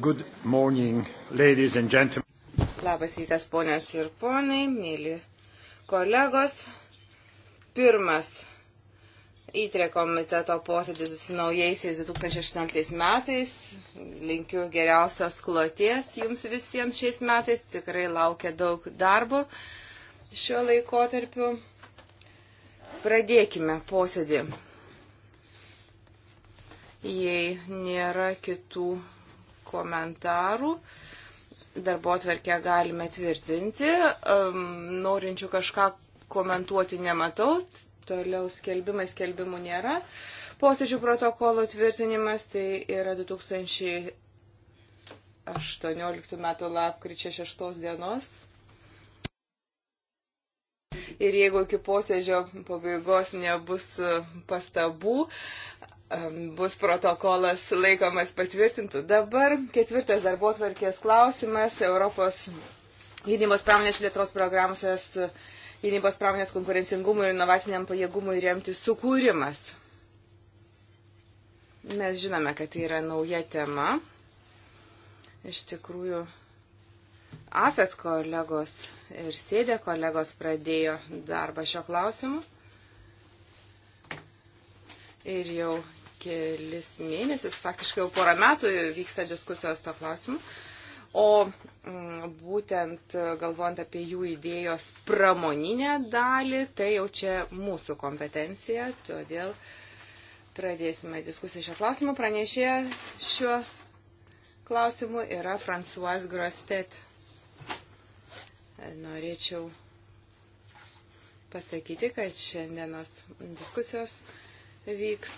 Good morning, ladies and gentlemen. Labas rytas, ponios ir ponai, mėly kolegos. Pirmas įtrė komiteto posėdis naujaisiais 2016 metais. Linkiu geriausios kloties jums visiems šiais metais. Tikrai laukia daug darbo šiuo laikotarpiu. Pradėkime posėdį jei nėra kitų komentarų. Darbo atverkę galime tvirtinti. Um, norinčių kažką komentuoti nematau. Toliau skelbimai skelbimų nėra. Posėdžių protokolo tvirtinimas tai yra 2018 m. lapkričio 6 dienos. Ir jeigu iki posėdžio pabaigos nebus pastabų, bus protokolas laikomas patvirtintų. Dabar ketvirtas darbo tvarkės klausimas Europos gynybos pramonės plėtros programos gynybos pramonės konkurencingumui ir inovaciniam pajėgumui remti sukūrimas. Mes žinome, kad tai yra nauja tema. Iš tikrųjų, AFET kolegos ir sėdė kolegos pradėjo darbą šio klausimu ir jau kelis mėnesius, faktiškai jau porą metų vyksta diskusijos to klausimu. O mm, būtent galvojant apie jų idėjos pramoninę dalį, tai jau čia mūsų kompetencija, todėl pradėsime diskusiją šio klausimu. Pranešė šiuo klausimu yra Fransuas Grostet. Norėčiau pasakyti, kad šiandienos diskusijos vyks.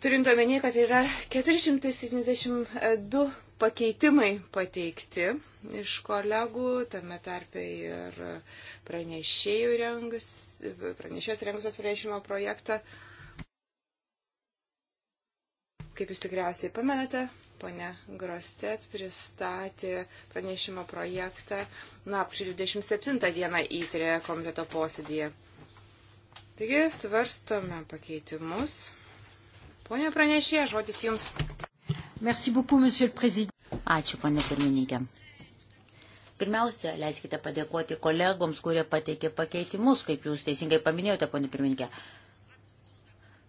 Turint omenyje, kad yra 472 pakeitimai pateikti iš kolegų, tame tarpe ir pranešėjų rengus, pranešės rengusios pranešimo projektą. Kaip jūs tikriausiai pamenate, ponia Grostet pristatė pranešimo projektą lapkričio 27 dieną įtrė komiteto posėdėje. Taigi svarstome pakeitimus. Pone pranešė, žodis Jums. Merci beaucoup, monsieur le président. Ačiū, ponė pirmininkė. Pirmiausia, leiskite padėkoti kolegoms, kurie pateikė pakeitimus, kaip jūs teisingai paminėjote, ponė pirmininkė.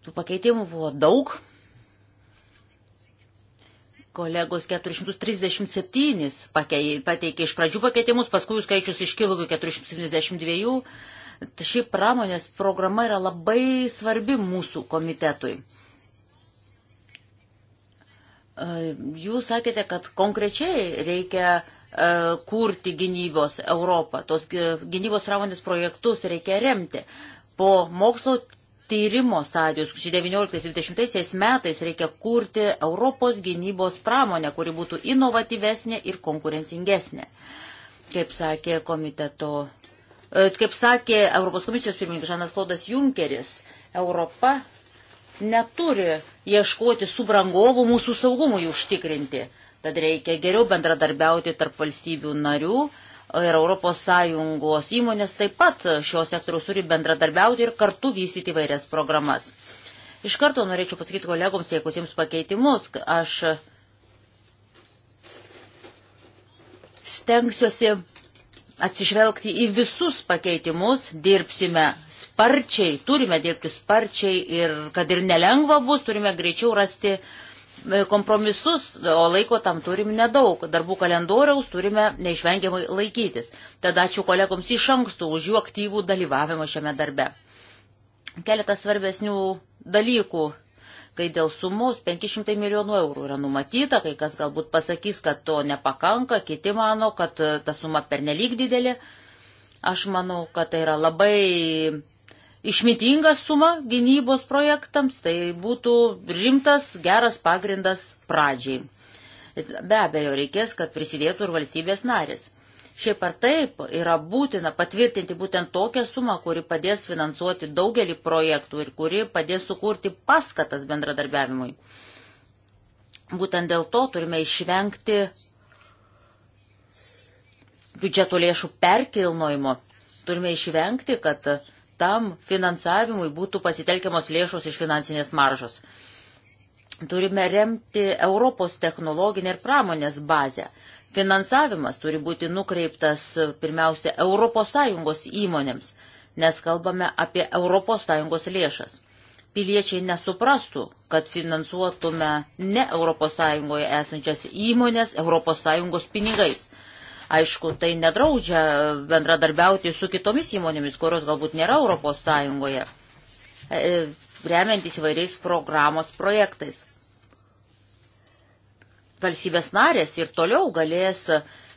Tų pakeitimų buvo daug. Kolegos 437 pateikė iš pradžių pakeitimus, paskui skaičius iškilo iki 472 ši pramonės programa yra labai svarbi mūsų komitetui. E, jūs sakėte, kad konkrečiai reikia e, kurti gynybos Europą, tos e, gynybos pramonės projektus reikia remti. Po mokslo tyrimo stadijos, 19-20 metais reikia kurti Europos gynybos pramonę, kuri būtų inovatyvesnė ir konkurencingesnė. Kaip sakė komiteto E, kaip sakė Europos komisijos pirmininkas Žanas Klaudas Junkeris, Europa neturi ieškoti subrangovų mūsų saugumui užtikrinti. Tad reikia geriau bendradarbiauti tarp valstybių narių ir ES įmonės taip pat šios sektoriaus turi bendradarbiauti ir kartu vystyti vairias programas. Iš karto norėčiau pasakyti kolegoms, jeigu jums pakeitimus, aš stengsiuosi atsižvelgti į visus pakeitimus, dirbsime sparčiai, turime dirbti sparčiai ir kad ir nelengva bus, turime greičiau rasti e, kompromisus, o laiko tam turim nedaug. Darbų kalendoriaus turime neišvengiamai laikytis. Tad ačiū kolegoms iš anksto už jų aktyvų dalyvavimą šiame darbe. Keletas svarbesnių dalykų kai dėl sumos 500 milijonų eurų yra numatyta, kai kas galbūt pasakys, kad to nepakanka, kiti mano, kad e, ta suma pernelyg didelė. Aš manau, kad tai yra labai išmitinga suma gynybos projektams, tai būtų rimtas, geras pagrindas pradžiai. Be abejo, reikės, kad prisidėtų ir valstybės narės. Šiaip ar taip yra būtina patvirtinti būtent tokią sumą, kuri padės finansuoti daugelį projektų ir kuri padės sukurti paskatas bendradarbiavimui. Būtent dėl to turime išvengti biudžeto lėšų perkilnojimo. Turime išvengti, kad tam finansavimui būtų pasitelkiamos lėšos iš finansinės maržos. Turime remti Europos technologinę ir pramonės bazę. Finansavimas turi būti nukreiptas e, pirmiausia ES įmonėms, nes kalbame apie ES lėšas. Piliečiai nesuprastų, kad finansuotume ne ES esančias įmonės ES pinigais. Aišku, tai nedraudžia e, bendradarbiauti su kitomis įmonėmis, kurios galbūt nėra ES, e, remiantis įvairiais programos projektais valstybės narės ir toliau galės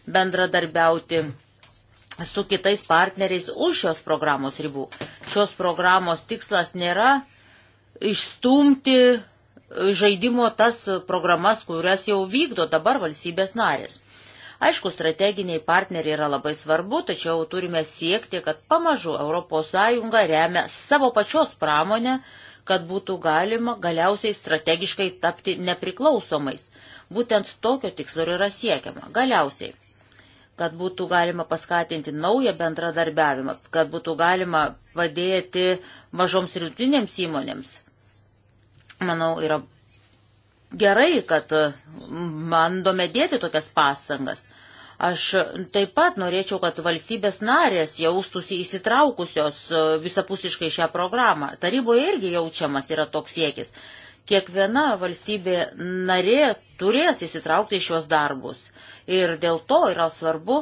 bendradarbiauti su kitais partneriais už šios programos ribų. Šios programos tikslas nėra išstumti žaidimo tas programas, kurias jau vykdo dabar valstybės narės. Aišku, strateginiai partneriai yra labai svarbu, tačiau turime siekti, kad pamažu ES remia savo pačios pramonę, kad būtų galima galiausiai strategiškai tapti nepriklausomais. Būtent tokio tikslo yra siekiama. Galiausiai, kad būtų galima paskatinti naują bendradarbiavimą, kad būtų galima padėti mažoms ir vidutinėms įmonėms. Manau, yra gerai, kad bandome dėti tokias pastangas. Aš taip pat norėčiau, kad valstybės narės jaustųsi įsitraukusios e, visapusiškai šią programą. Taryboje irgi jaučiamas yra toks siekis. Kiekviena valstybė narė turės įsitraukti į šios darbus. Ir dėl to yra svarbu,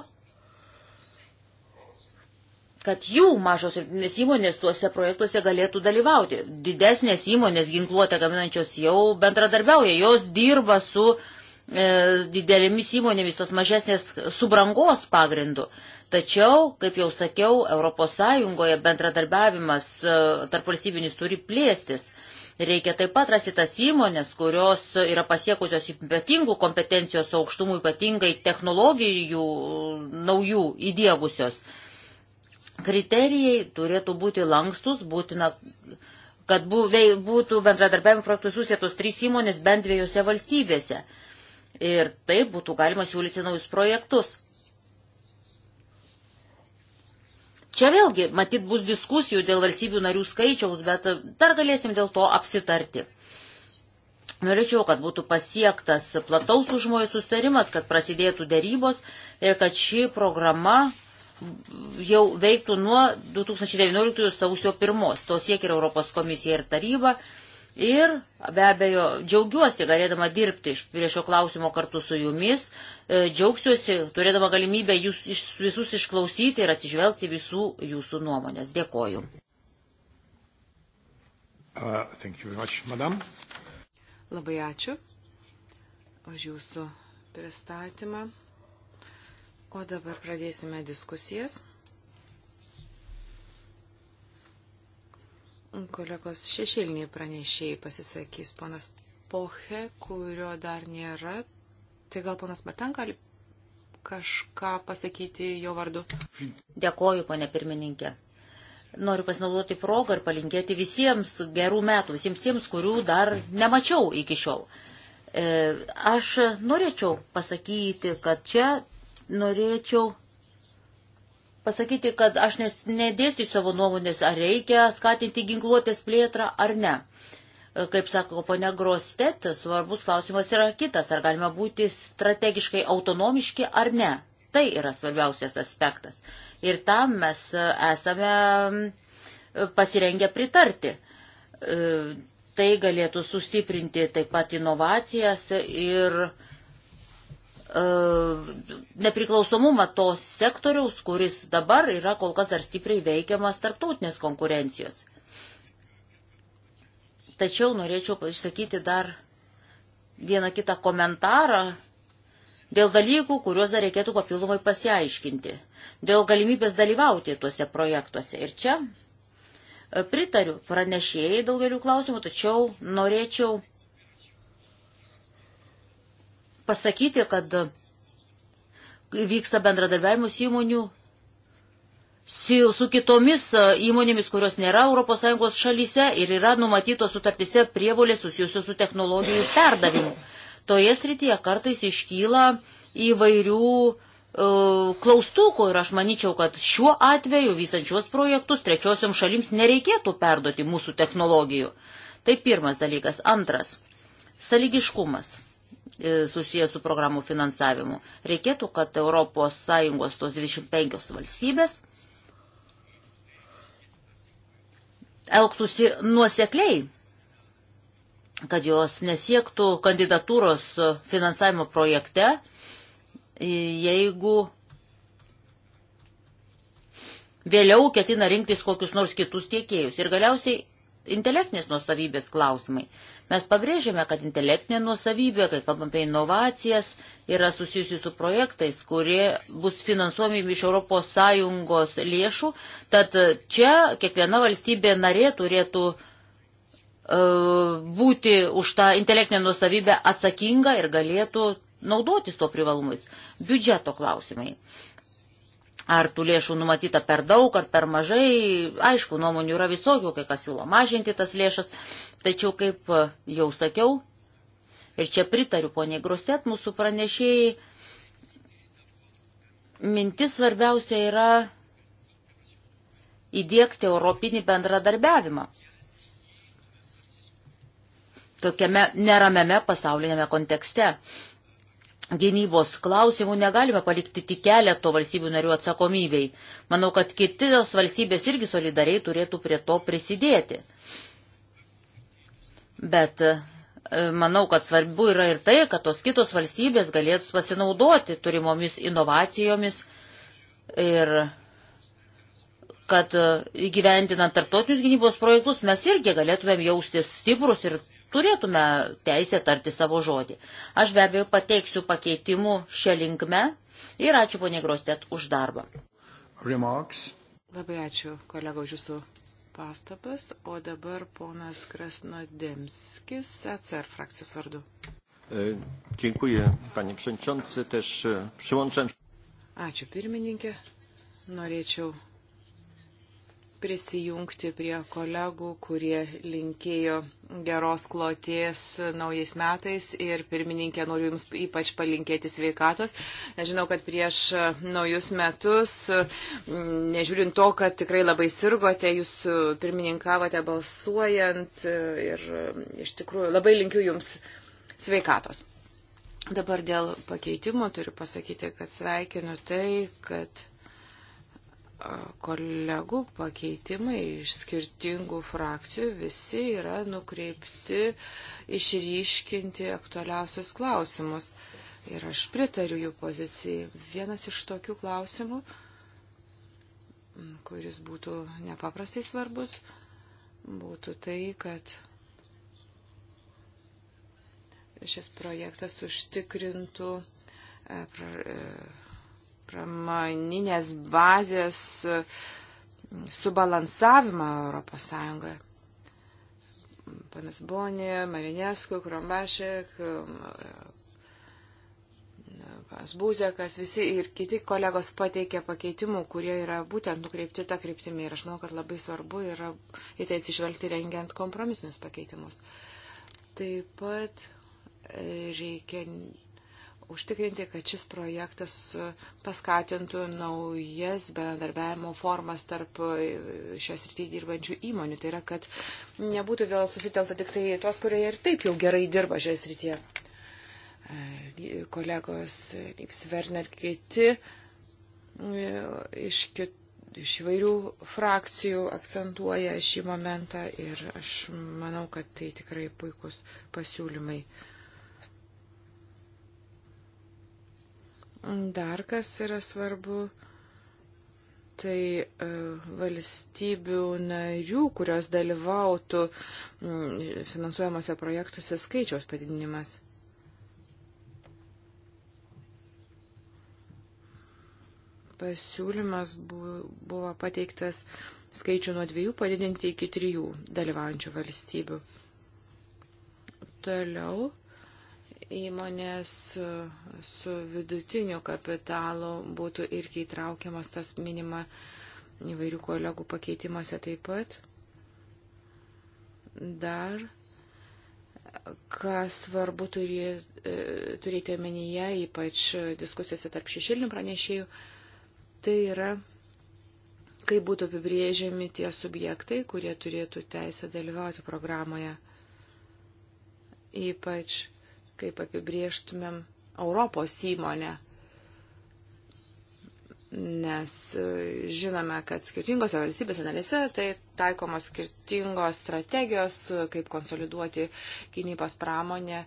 kad jų mažos ir didelės įmonės tuose projektuose galėtų dalyvauti. Didesnės įmonės ginkluotę gaminančios jau bendradarbiauja, jos dirba su e, didelėmis įmonėmis, tos mažesnės subrangos pagrindu. Tačiau, kaip jau sakiau, ES bendradarbiavimas e, tarp valstybinis turi plėstis. Reikia taip pat rasti tas įmonės, kurios yra pasiekusios ypatingų kompetencijos aukštumų, ypatingai technologijų naujų įdėgusios. Kriterijai turėtų būti lankstus, būtina kad būtų bendradarbiavimo projektų susietos trys įmonės bent dviejose valstybėse. Ir taip būtų galima siūlyti naujus projektus. Čia vėlgi, matyt, bus diskusijų dėl valstybių narių skaičiaus, bet e, dar galėsim dėl to apsitarti. Norėčiau, kad būtų pasiektas plataus užmojų sustarimas, kad prasidėtų dėrybos ir kad ši programa jau veiktų nuo 2019 sausio 1. To siekia ir Europos komisija ir taryba. Ir be abejo, džiaugiuosi galėdama dirbti prie šio klausimo kartu su jumis, e, džiaugsiuosi turėdama galimybę jūs iš, visus išklausyti ir atsižvelgti visų jūsų nuomonės. Dėkoju. Uh, much, madam. Labai ačiū už jūsų pristatymą. O dabar pradėsime diskusijas. Kolegos šešėliniai pranešėjai pasisakys ponas Poche, kurio dar nėra. Tai gal ponas Martan gali kažką pasakyti jo vardu? Dėkoju, ponė pirmininkė. Noriu pasinaudoti progą ir palinkėti visiems gerų metų, visiems tiems, kurių dar nemačiau iki šiol. E, aš norėčiau pasakyti, kad čia norėčiau pasakyti, kad aš nes, nedėstysiu savo nuomonės, ar reikia skatinti ginkluotės plėtrą ar ne. E, kaip sako ponia Grostet, svarbus klausimas yra kitas, ar galima būti strategiškai autonomiški ar ne. Tai yra svarbiausias aspektas. Ir tam mes esame pasirengę pritarti. E, tai galėtų sustiprinti taip pat inovacijas ir uh, E, nepriklausomumą to sektoriaus, kuris dabar yra kol kas dar stipriai veikiamas tarptautinės konkurencijos. Tačiau norėčiau išsakyti dar vieną kitą komentarą dėl dalykų, kuriuos dar reikėtų papildomai pasiaiškinti, dėl galimybės dalyvauti tuose projektuose. Ir čia e, pritariu pranešėjai daugeliu klausimų, tačiau norėčiau pasakyti, kad vyksta bendradarbiavimus įmonių su kitomis įmonėmis, kurios nėra ES šalyse ir yra numatytos sutartise prievolės susijusios su technologijų perdavimu. Toje srityje kartais iškyla įvairių e, klaustukų ir aš manyčiau, kad šiuo atveju visančios projektus trečiosiom šalims nereikėtų perduoti mūsų technologijų. Tai pirmas dalykas. Antras. Saligiškumas. E, susijęs su programų finansavimu. Reikėtų, kad ES tos 25 valstybės elgtųsi nuosekliai, kad jos nesiektų kandidatūros finansavimo projekte, e, jeigu vėliau ketina rinktis kokius nors kitus tiekėjus. Ir galiausiai intelektinės nuosavybės klausimai. Mes pabrėžėme, kad intelektinė nuosavybė, kai kalbam apie inovacijas, yra susijusi su projektais, kurie bus finansuomi iš ES lėšų, tad čia kiekviena valstybė narė turėtų e, būti už tą intelektinę nuosavybę atsakinga ir galėtų naudotis to privalumais. Biudžeto klausimai. Ar tų lėšų numatyta per daug, ar per mažai, aišku, nuomonių yra visokių, kai kas siūlo mažinti tas lėšas, tačiau, kaip jau sakiau, ir čia pritariu poniai Grostet, mūsų pranešėjai, mintis svarbiausia yra įdėkti europinį bendradarbiavimą tokiame neramiame pasaulinėme kontekste gynybos klausimų negalime palikti tik keleto valstybių narių atsakomybei. Manau, kad kitos valstybės irgi solidariai turėtų prie to prisidėti. Bet e, manau, kad svarbu yra ir tai, kad tos kitos valstybės galėtų pasinaudoti turimomis inovacijomis ir kad e, įgyvendinant tarptautinius gynybos projektus mes irgi galėtumėm jaustis stiprus ir turėtume teisę tarti savo žodį. Aš be abejo pateiksiu pakeitimų šią linkmę ir ačiū poniai Grostėt už darbą. Remarks. Labai ačiū, kolega, už jūsų pastabas. O dabar ponas Krasnodemskis, ECR frakcijos vardu. E, dziękuję, panie przewodniczący, też e, przyłączam. Ačiū pirmininkė. Norėčiau prisijungti prie kolegų, kurie linkėjo geros kloties naujais metais ir pirmininkė noriu Jums ypač palinkėti sveikatos. Aš žinau, kad prieš naujus metus, nežiūrint to, kad tikrai labai sirgote, Jūs pirmininkavote balsuojant ir iš tikrųjų labai linkiu Jums sveikatos. Dabar dėl pakeitimo turiu pasakyti, kad sveikinu tai, kad kolegų pakeitimai iš skirtingų frakcijų visi yra nukreipti išryškinti aktualiausius klausimus. Ir aš pritariu jų pozicijai. Vienas iš tokių klausimų, kuris būtų nepaprastai svarbus, būtų tai, kad šis projektas užtikrintų e, e, pramoninės bazės subalansavimą Europos Sąjungoje. Panas Boni, Marinesko, Krombašek, panas Būzekas, visi ir kiti kolegos pateikė pakeitimų, kurie yra būtent nukreipti tą kryptimį. Ir aš manau, kad labai svarbu yra į tai atsižvelgti rengiant kompromisinius pakeitimus. Taip pat reikia užtikrinti, kad šis projektas e, paskatintų naujas bendarbiavimo formas tarp e, šios rytyje dirbančių įmonių. Tai yra, kad nebūtų vėl susitelta tik tai tos, kurie ir taip jau gerai dirba šioje srityje. E, kolegos Lips Werner kiti iš, kit, iš įvairių frakcijų akcentuoja šį momentą ir aš manau, kad tai tikrai puikus pasiūlymai. Dar kas yra svarbu, tai e, valstybių narių, kurios dalyvautų finansuojamuose projektuose skaičiaus padidinimas. Pasiūlymas buvo pateiktas skaičių nuo dviejų padidinti iki trijų dalyvaujančių valstybių. Toliau įmonės su vidutiniu kapitalu būtų irgi įtraukiamas tas minima įvairių kolegų pakeitimuose taip pat. Dar, kas svarbu turi, e, turėti omenyje, ypač diskusijose tarp šešėlinių pranešėjų, tai yra, kaip būtų apibrėžiami tie subjektai, kurie turėtų teisę dalyvauti programoje. Ypač kaip apibrieštumėm Europos įmonę. Nes e, žinome, kad skirtingose valstybėse narėse tai taikomos skirtingos strategijos, e, kaip konsoliduoti gynybos pramonę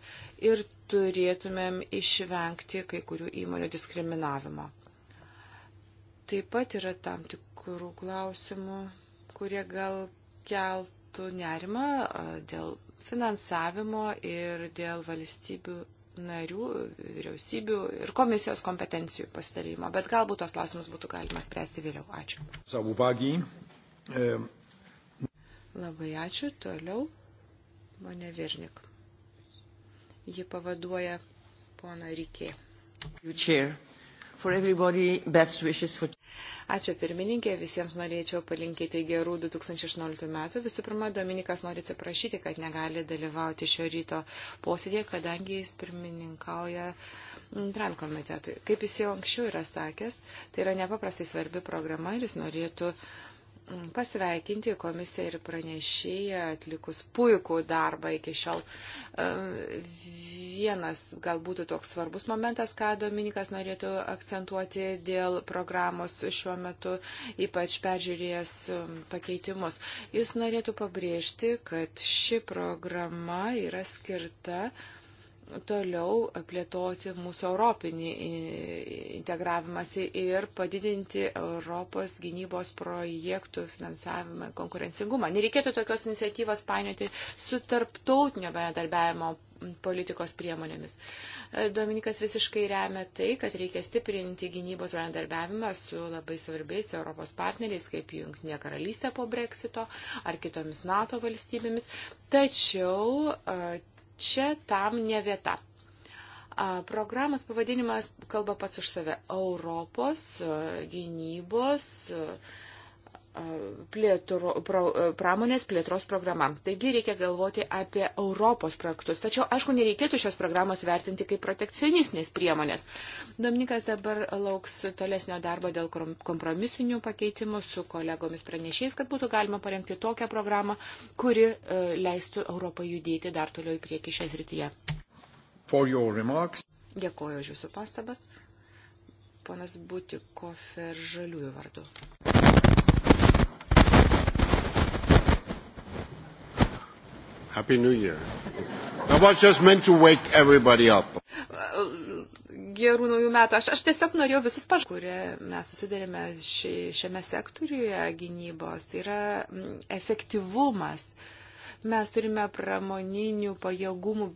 ir turėtumėm išvengti kai kurių įmonių diskriminavimo. Taip pat yra tam tikrų klausimų, kurie gal keltų nerimą e, dėl finansavimo ir dėl valstybių narių, vyriausybių ir komisijos kompetencijų pasidalymo. Bet galbūt tos klausimus būtų galima spręsti vėliau. Ačiū. Savo vagį. E... Labai ačiū. Toliau. Mane Virnik. Ji pavaduoja poną Rikė. For... Ačiū pirmininkė, visiems norėčiau palinkėti gerų 2016 metų. Visų pirma, Dominikas nori atsiprašyti, kad negali dalyvauti šio ryto posėdėje, kadangi jis pirmininkauja TRAN komitetui. Kaip jis jau anksčiau yra sakęs, tai yra nepaprastai svarbi programa ir jis norėtų uh, pasveikinti komisiją ir pranešėją atlikus puikų darbą iki šiol. E, vienas galbūt toks svarbus momentas, ką Dominikas norėtų akcentuoti dėl programos šiuo metu, ypač peržiūrėjęs um, pakeitimus. Jis norėtų pabrėžti, kad ši programa yra skirta uh, toliau plėtoti mūsų europinį integravimąsi ir padidinti Europos gynybos projektų finansavimą, konkurencingumą. Nereikėtų tokios iniciatyvas painioti su tarptautinio bendradarbiavimo politikos priemonėmis. E, Dominikas visiškai remia tai, kad reikia stiprinti gynybos bendarbiavimą su labai svarbiais Europos partneriais, kaip Junktinė karalystė po breksito ar kitomis NATO valstybėmis. Tačiau e, čia tam ne vieta. Programos pavadinimas kalba pats už save - Europos gynybos plėtro, pro, pramonės plėtros programa. Taigi reikia galvoti apie Europos projektus. Tačiau, aišku, nereikėtų šios programos vertinti kaip protekcionistinės priemonės. Dominikas dabar lauks tolesnio darbo dėl kompromisinių pakeitimų su kolegomis pranešiais, kad būtų galima parengti tokią programą, kuri e, leistų Europą judėti dar toliau į priekį šią srityje. Dėkuoju už Jūsų pastabas. Ponas Būti Kofer Žaliųjų vardu. Happy New Year. I was just meant to wake everybody up. Gerų naujų metų. Aš, aš tiesiog norėjau visus paž, kurie mes susidarėme ši, šiame sektoriuje gynybos. Tai yra efektyvumas. Mes turime pramoninių pajėgumų,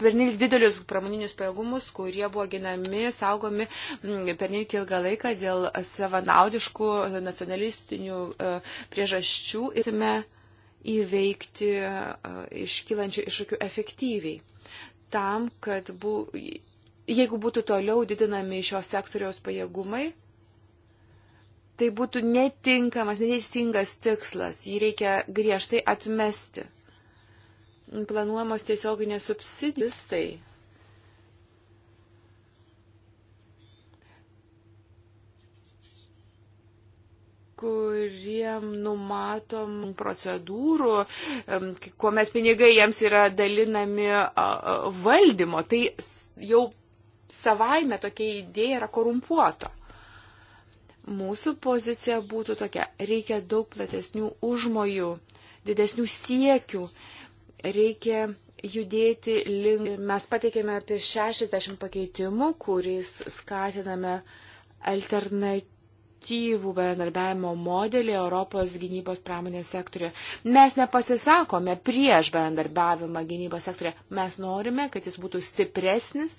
pernelyg didelius pramoninius pajėgumus, kurie buvo ginami, saugomi pernelyg ilgą laiką dėl savanaudiškų nacionalistinių e, priežasčių. Ir įveikti iškylančių iššūkių efektyviai. Tam, kad bu, jeigu būtų toliau didinami šios sektoriaus pajėgumai, tai būtų netinkamas, neteisingas tikslas. Jį reikia griežtai atmesti. Planuojamos tiesioginės subsidijos tai kuriem numatom procedūrų, kuomet pinigai jiems yra dalinami valdymo. Tai jau savaime tokia idėja yra korumpuota. Mūsų pozicija būtų tokia, reikia daug platesnių užmojų, didesnių siekių, reikia judėti link. Mes pateikėme apie 60 pakeitimų, kuriais skatiname alternatyvą efektyvų bendradarbiavimo modelį Europos gynybos pramonės sektoriuje. Mes nepasisakome prieš bendradarbiavimą gynybos sektoriuje. Mes norime, kad jis būtų stipresnis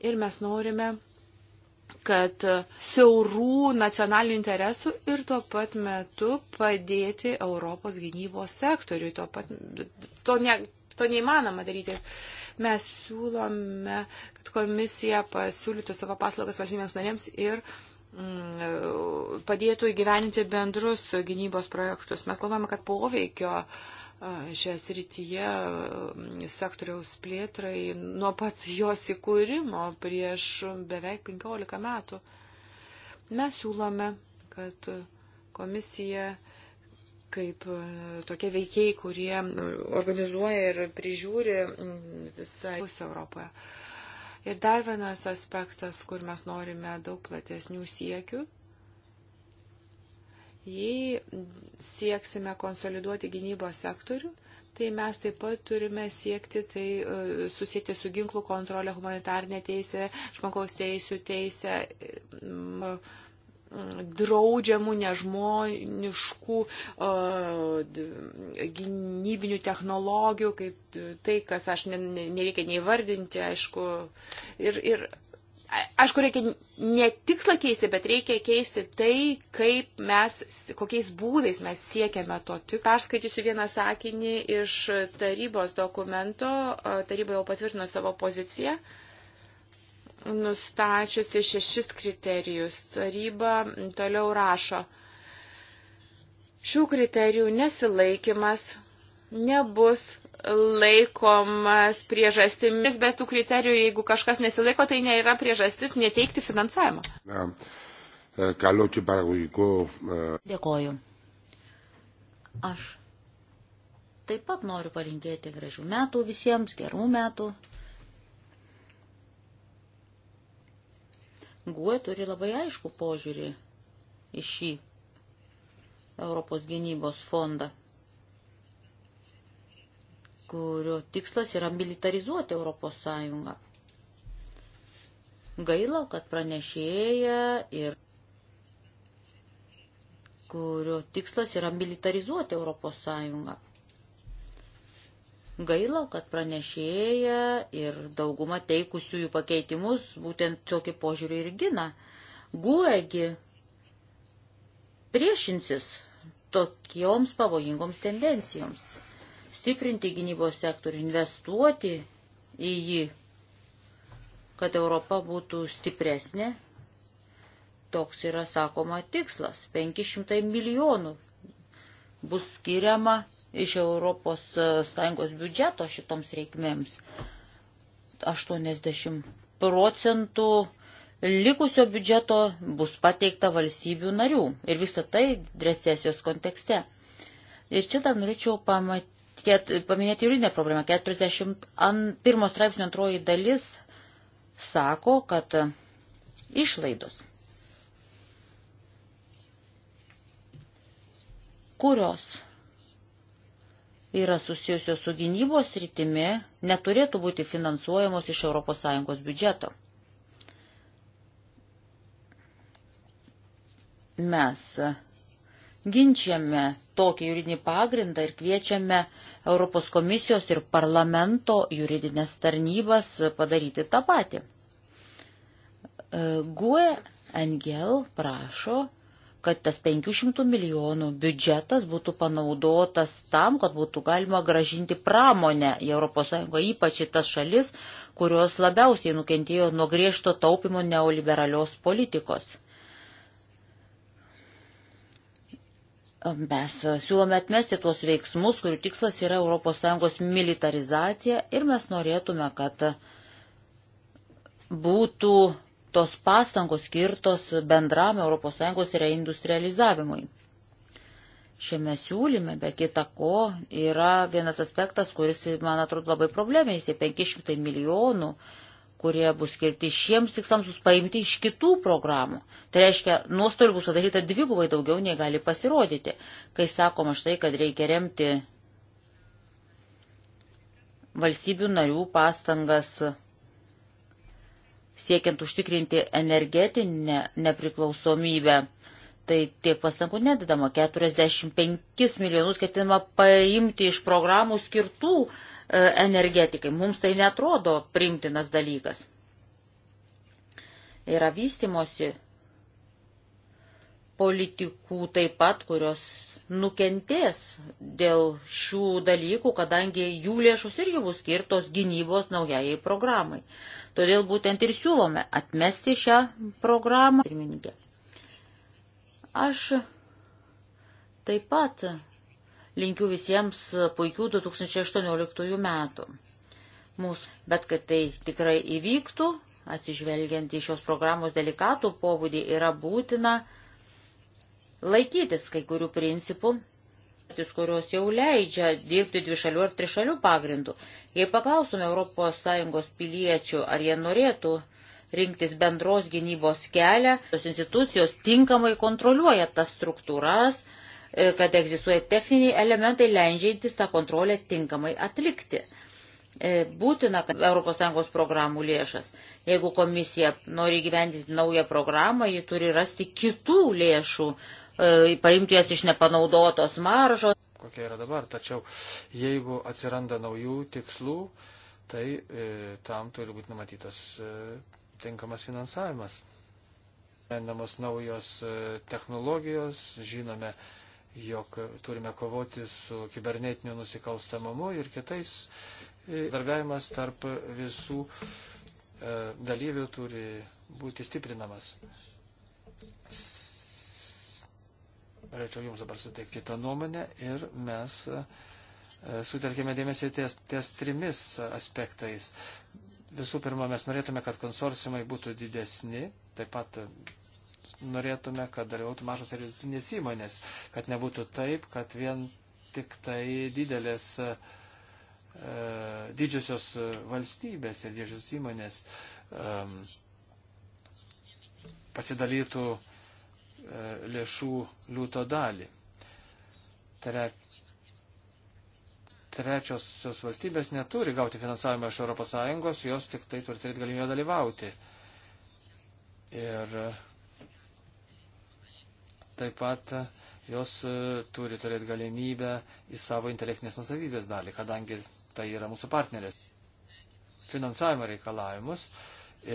ir mes norime, kad siaurų nacionalinių interesų ir tuo pat metu padėti Europos gynybos sektoriui. Tuo pat, to ne, to neįmanoma daryti. Mes siūlome, kad komisija pasiūlytų savo paslaugas valstybėms narėms ir uh, Mm, padėtų įgyveninti bendrus gynybos projektus. Mes galvojame, kad poveikio šią srityje mm, sektoriaus plėtrai nuo pat jos įkūrimo prieš beveik 15 metų. Mes siūlome, kad komisija kaip tokie veikiai, kurie organizuoja ir prižiūri mm, visą Europoje. Uh, Ir dar vienas aspektas, kur mes norime daug platesnių siekių. Jei sieksime konsoliduoti gynybos sektorių, tai mes taip pat turime siekti tai e, susijęti su ginklų kontrolė, humanitarnė teisė, žmogaus teisų teisė. teisė draudžiamų, nežmoniškų gynybinių technologijų, kaip tai, kas aš nereikia neįvardinti, aišku. Ir, ir aišku, reikia ne tikslą keisti, bet reikia keisti tai, kaip mes, kokiais būdais mes siekiame to tik. Perskaitysiu vieną sakinį iš tarybos dokumento, taryba jau patvirtino savo poziciją. Uh, nustačiusi šešis kriterijus. Taryba toliau rašo. Šių kriterijų nesilaikimas nebus laikomas priežastimis, bet tų kriterijų, jeigu kažkas nesilaiko, tai nėra priežastis neteikti finansavimo. E, e, Dėkoju. Aš taip pat noriu palinkėti gražių metų visiems, gerų metų. GUE turi labai aišku požiūrį į šį Europos gynybos fondą, kurio tikslas yra militarizuoti Europos Sąjungą. Gaila, kad pranešėja ir kurio tikslas yra militarizuoti Europos Sąjungą. Gaila, kad pranešėja ir dauguma teikusiųjų pakeitimus būtent tokį požiūrį ir gina. Guegi priešinsis tokioms pavojingoms tendencijoms. Stiprinti gynybos sektorių, investuoti į jį, kad Europa būtų stipresnė. Toks yra sakoma tikslas. 500 milijonų bus skiriama iš ES e, biudžeto šitoms reikmėms. 80 procentų likusio biudžeto bus pateikta valstybių narių ir visą tai recesijos kontekste. Ir čia dar norėčiau pamatyti, paminėti juridinę problemą. 41 straipsnio antroji dalis sako, kad išlaidos, kurios yra susijusios su gynybos rytimi, neturėtų būti finansuojamos iš ES biudžeto. Mes ginčiame tokį juridinį pagrindą ir kviečiame Europos komisijos ir parlamento juridinės tarnybas padaryti tą patį. E, GUE Engel prašo kad tas 500 milijonų biudžetas būtų panaudotas tam, kad būtų galima gražinti pramonę į ES, ypač į tas šalis, kurios labiausiai nukentėjo nuo griežto taupimo neoliberalios politikos. Mes siūlome atmesti tuos veiksmus, kurių tikslas yra ES militarizacija ir mes norėtume, kad būtų tos pastangos skirtos bendram ES reindustrializavimui. Šiame siūlyme, be kita ko, yra vienas aspektas, kuris, man atrodo, labai probleminis, 500 milijonų, kurie bus skirti šiems tikslams, bus paimti iš kitų programų. Tai reiškia, nuostolių bus padaryta dvigubai daugiau, nei gali pasirodyti, kai sakoma štai, kad reikia remti valstybių narių pastangas siekiant užtikrinti energetinę nepriklausomybę. Tai tiek pastangų nededama. 45 milijonus ketinama paimti iš programų skirtų e, energetikai. Mums tai netrodo primtinas dalykas. Yra vystimosi politikų taip pat, kurios nukentės dėl šių dalykų, kadangi jų lėšos irgi bus skirtos gynybos naujai programai. Todėl būtent ir siūlome atmesti šią programą. Pirmininkė. Aš taip pat linkiu visiems puikių 2018 metų. Mūsų. Bet kad tai tikrai įvyktų, atsižvelgiant į šios programos delikatų pobūdį, yra būtina laikytis kai kurių principų, kurios jau leidžia dirbti dvišalių ar trišalių pagrindų. Jei paklausume ES piliečių, ar jie norėtų rinktis bendros gynybos kelią, tos institucijos tinkamai kontroliuoja tas struktūras, e, kad egzistuoja techniniai elementai, leidžiantis tą kontrolę tinkamai atlikti. E, būtina, kad ES programų lėšas. Jeigu komisija nori gyventi naują programą, ji turi rasti kitų lėšų E, paimti jas iš nepanaudotos maržos. Kokia yra dabar, tačiau jeigu atsiranda naujų tikslų, tai e, tam turi būti numatytas e, tinkamas finansavimas. Rendamos naujos e, technologijos, žinome, jog turime kovoti su kibernetiniu nusikalstamumu ir kitais. E, darbiavimas tarp visų e, dalyvių turi būti stiprinamas norėčiau Jums dabar suteikti tą nuomonę ir mes e, sutelkėme dėmesį ties, ties trimis aspektais. Visų pirma, mes norėtume, kad konsorciumai būtų didesni, taip pat norėtume, kad dalyvautų mažos ir vidutinės įmonės, kad nebūtų taip, kad vien tik tai didelės e, didžiosios valstybės ir didžiosios įmonės e, pasidalytų uh, E, lėšų liūto dalį. Tre, trečiosios valstybės neturi gauti finansavimą iš ES, jos tik tai turi turėti galimybę dalyvauti. Ir taip pat jos e, turi turėti galimybę į savo intelektinės nusavybės dalį, kadangi tai yra mūsų partnerės finansavimo reikalavimus.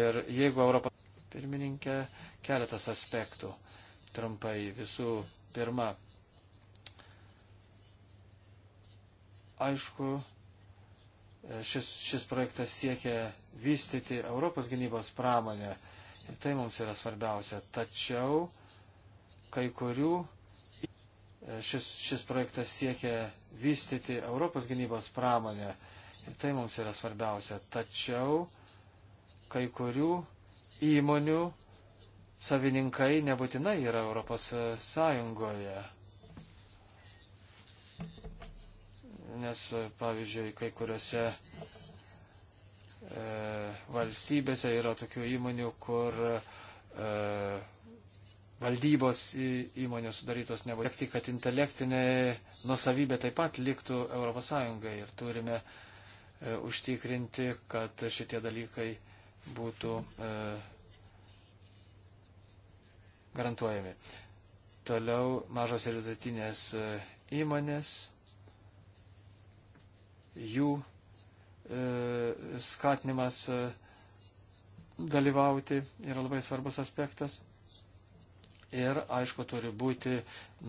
Ir jeigu Europos pirmininkė keletas aspektų trumpai. Visų pirma, aišku, šis, šis projektas siekia vystyti Europos gynybos pramonę ir tai mums yra svarbiausia. Tačiau kai kurių šis, šis projektas siekia vystyti Europos gynybos pramonę ir tai mums yra svarbiausia. Tačiau kai kurių įmonių savininkai nebūtinai yra Europos Sąjungoje. Nes, pavyzdžiui, kai kuriuose e, valstybėse yra tokių įmonių, kur e, valdybos įmonių sudarytos nebūtų, kad intelektinė nusavybė taip pat liktų ES ir turime e, užtikrinti, kad šitie dalykai būtų e, garantuojami. Toliau mažos ir vidutinės e, įmonės, jų e, skatinimas e, dalyvauti yra labai svarbus aspektas. Ir, aišku, turi būti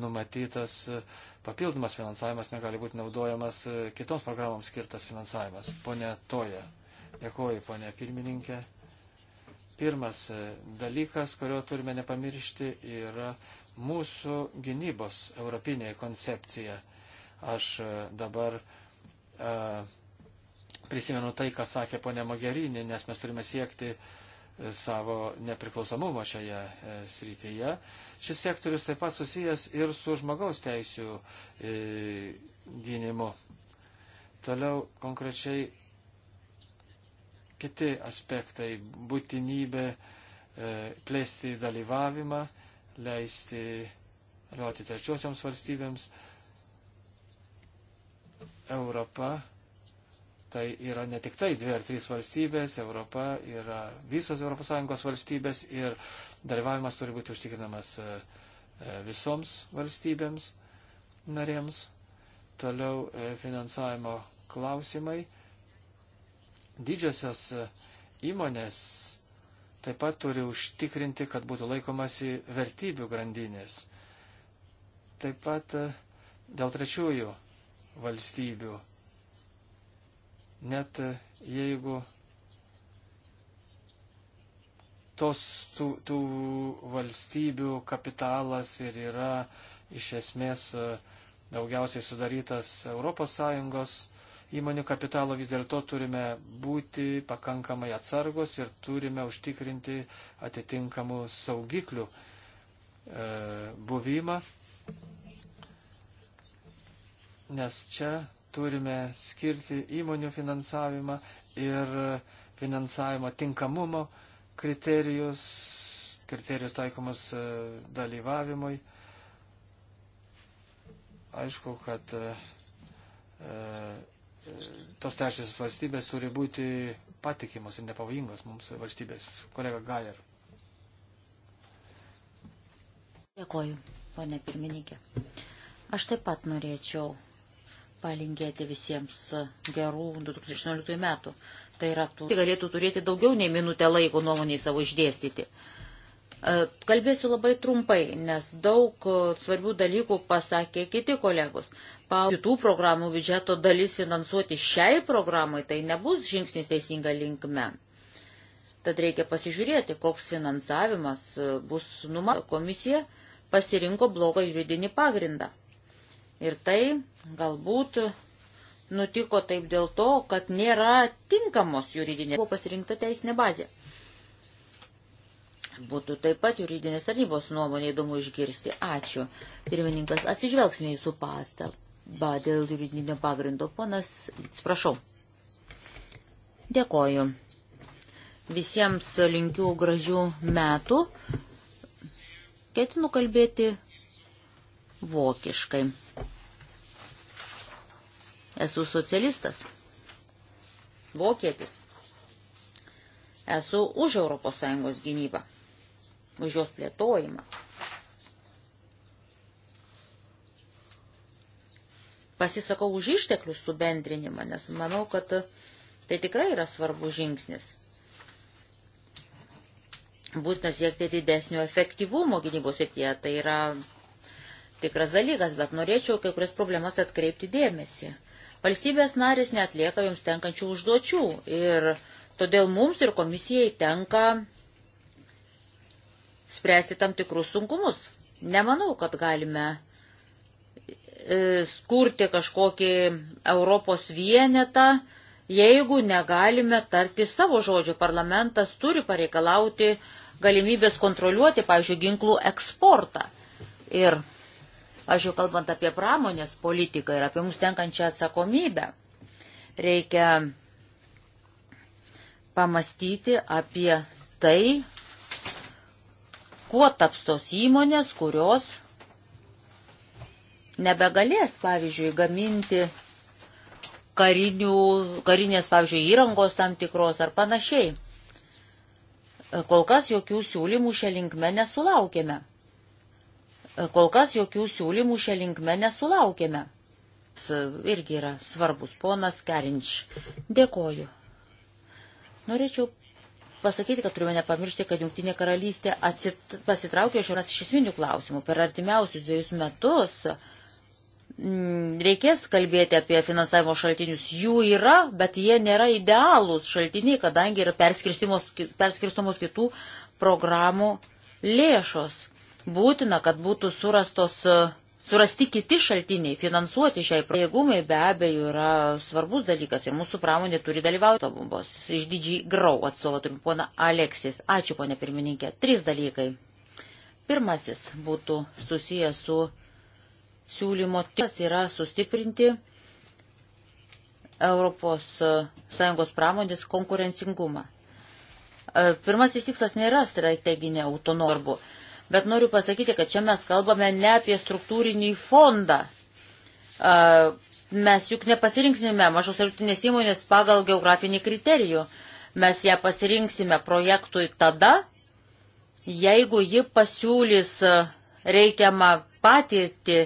numatytas e, papildomas finansavimas, negali būti naudojamas e, kitoms programoms skirtas finansavimas. Pone Toja, dėkoju, pone pirmininkė. Pirmas e, dalykas, kurio turime nepamiršti, yra mūsų gynybos europinė koncepcija. Aš e, dabar a, e, prisimenu tai, ką sakė ponė Magerinė, nes mes turime siekti savo nepriklausomumą šioje srityje. Šis sektorius taip pat susijęs ir su žmogaus teisų gynimu. Toliau konkrečiai kiti aspektai - būtinybė e, plėsti dalyvavimą, leisti dalyvauti trečiosioms valstybėms. Europa tai yra ne tik tai dvi ar trys valstybės, Europa yra visos ES valstybės ir dalyvavimas turi būti užtikrinamas e, e visoms valstybėms narėms. Toliau e, finansavimo klausimai Didžiosios e, įmonės taip pat turi užtikrinti, kad būtų laikomasi vertybių grandinės. Taip pat e, dėl trečiųjų valstybių. Net e, jeigu tos tų, tų valstybių kapitalas ir yra iš esmės daugiausiai sudarytas ES įmonių kapitalo, vis dėlto turime būti pakankamai atsargos ir turime užtikrinti atitinkamų saugiklių e, buvimą, nes čia turime skirti įmonių finansavimą ir finansavimo tinkamumo kriterijus, kriterijus taikomus e, dalyvavimui. Aišku, kad e, tos trečiosios valstybės turi būti patikimos ir nepavojingos mums valstybės. Kolega Gajer. Dėkoju, ponė pirmininkė. Aš taip pat norėčiau palinkėti visiems gerų 2018 metų. Tai yra, tu tai galėtų turėti daugiau nei minutę laiko nuomonį savo išdėstyti. E, kalbėsiu labai trumpai, nes daug e, svarbių dalykų pasakė kiti kolegos. Pavyzdžiui, kitų programų biudžeto dalis finansuoti šiai programai tai nebus žingsnis teisinga linkme. Tad reikia pasižiūrėti, koks finansavimas e, bus numatytas. Komisija pasirinko blogą juridinį pagrindą. Ir tai galbūt nutiko taip dėl to, kad nėra tinkamos juridinės. Buvo pasirinkta teisinė bazė. Būtų taip pat juridinės tarnybos nuomonė įdomu išgirsti. Ačiū. Pirmininkas, atsižvelgsime jūsų pastabą dėl juridinio pagrindo. Ponas, atsiprašau. Dėkoju. Visiems linkiu gražių metų. Ketinu kalbėti vokiškai. Esu socialistas. Vokietis. Esu už ES gynybą už jos plėtojimą. Pasisakau už išteklių subendrinimą, nes manau, kad tai tikrai yra svarbus žingsnis. Būtina siekti didesnio efektyvumo gynybos srityje, tai yra tikras dalykas, bet norėčiau kai kurias problemas atkreipti dėmesį. Valstybės narės netlieka jums tenkančių užduočių ir todėl mums ir komisijai tenka spręsti tam tikrus sunkumus. Nemanau, kad galime e, skurti kažkokį Europos vienetą, jeigu negalime tarti savo žodžio. Parlamentas turi pareikalauti galimybės kontroliuoti, pavyzdžiui, ginklų eksportą. Ir, aš jau kalbant apie pramonės politiką ir apie mums tenkančią atsakomybę, reikia pamastyti apie tai, kuo taps tos įmonės, kurios nebegalės, pavyzdžiui, gaminti karinių, karinės, pavyzdžiui, įrangos tam tikros ar panašiai. Kol kas jokių siūlymų šią linkmę nesulaukėme. Kol kas jokių siūlymų šią linkmę nesulaukėme. Irgi yra svarbus ponas Kerinč. Dėkoju. Norėčiau pasakyti, kad turime nepamiršti, kad Junktinė karalystė atsit, pasitraukė iš vienas iš esminių klausimų. Per artimiausius dviejus metus m, mm, reikės kalbėti apie finansavimo šaltinius. Jų yra, bet jie nėra idealūs šaltiniai, kadangi yra perskirstomos kitų programų lėšos. Būtina, kad būtų surastos uh, surasti kiti šaltiniai, finansuoti šiai pajėgumai be abejo yra svarbus dalykas ir mūsų pramonė turi dalyvauti. Bombos. Iš didžiai grau atstovo turim pona Aleksis. Ačiū, ponė pirmininkė. Trys dalykai. Pirmasis būtų susijęs su siūlymo tikslas yra sustiprinti ES e, pramonės konkurencingumą. E, pirmasis tikslas nėra strateginė autonorbu. Bet noriu pasakyti, kad čia mes kalbame ne apie struktūrinį fondą. Mes juk nepasirinksime mažos ir rutinės įmonės pagal geografinį kriterijų. Mes ją pasirinksime projektui tada, jeigu ji pasiūlys reikiamą patirtį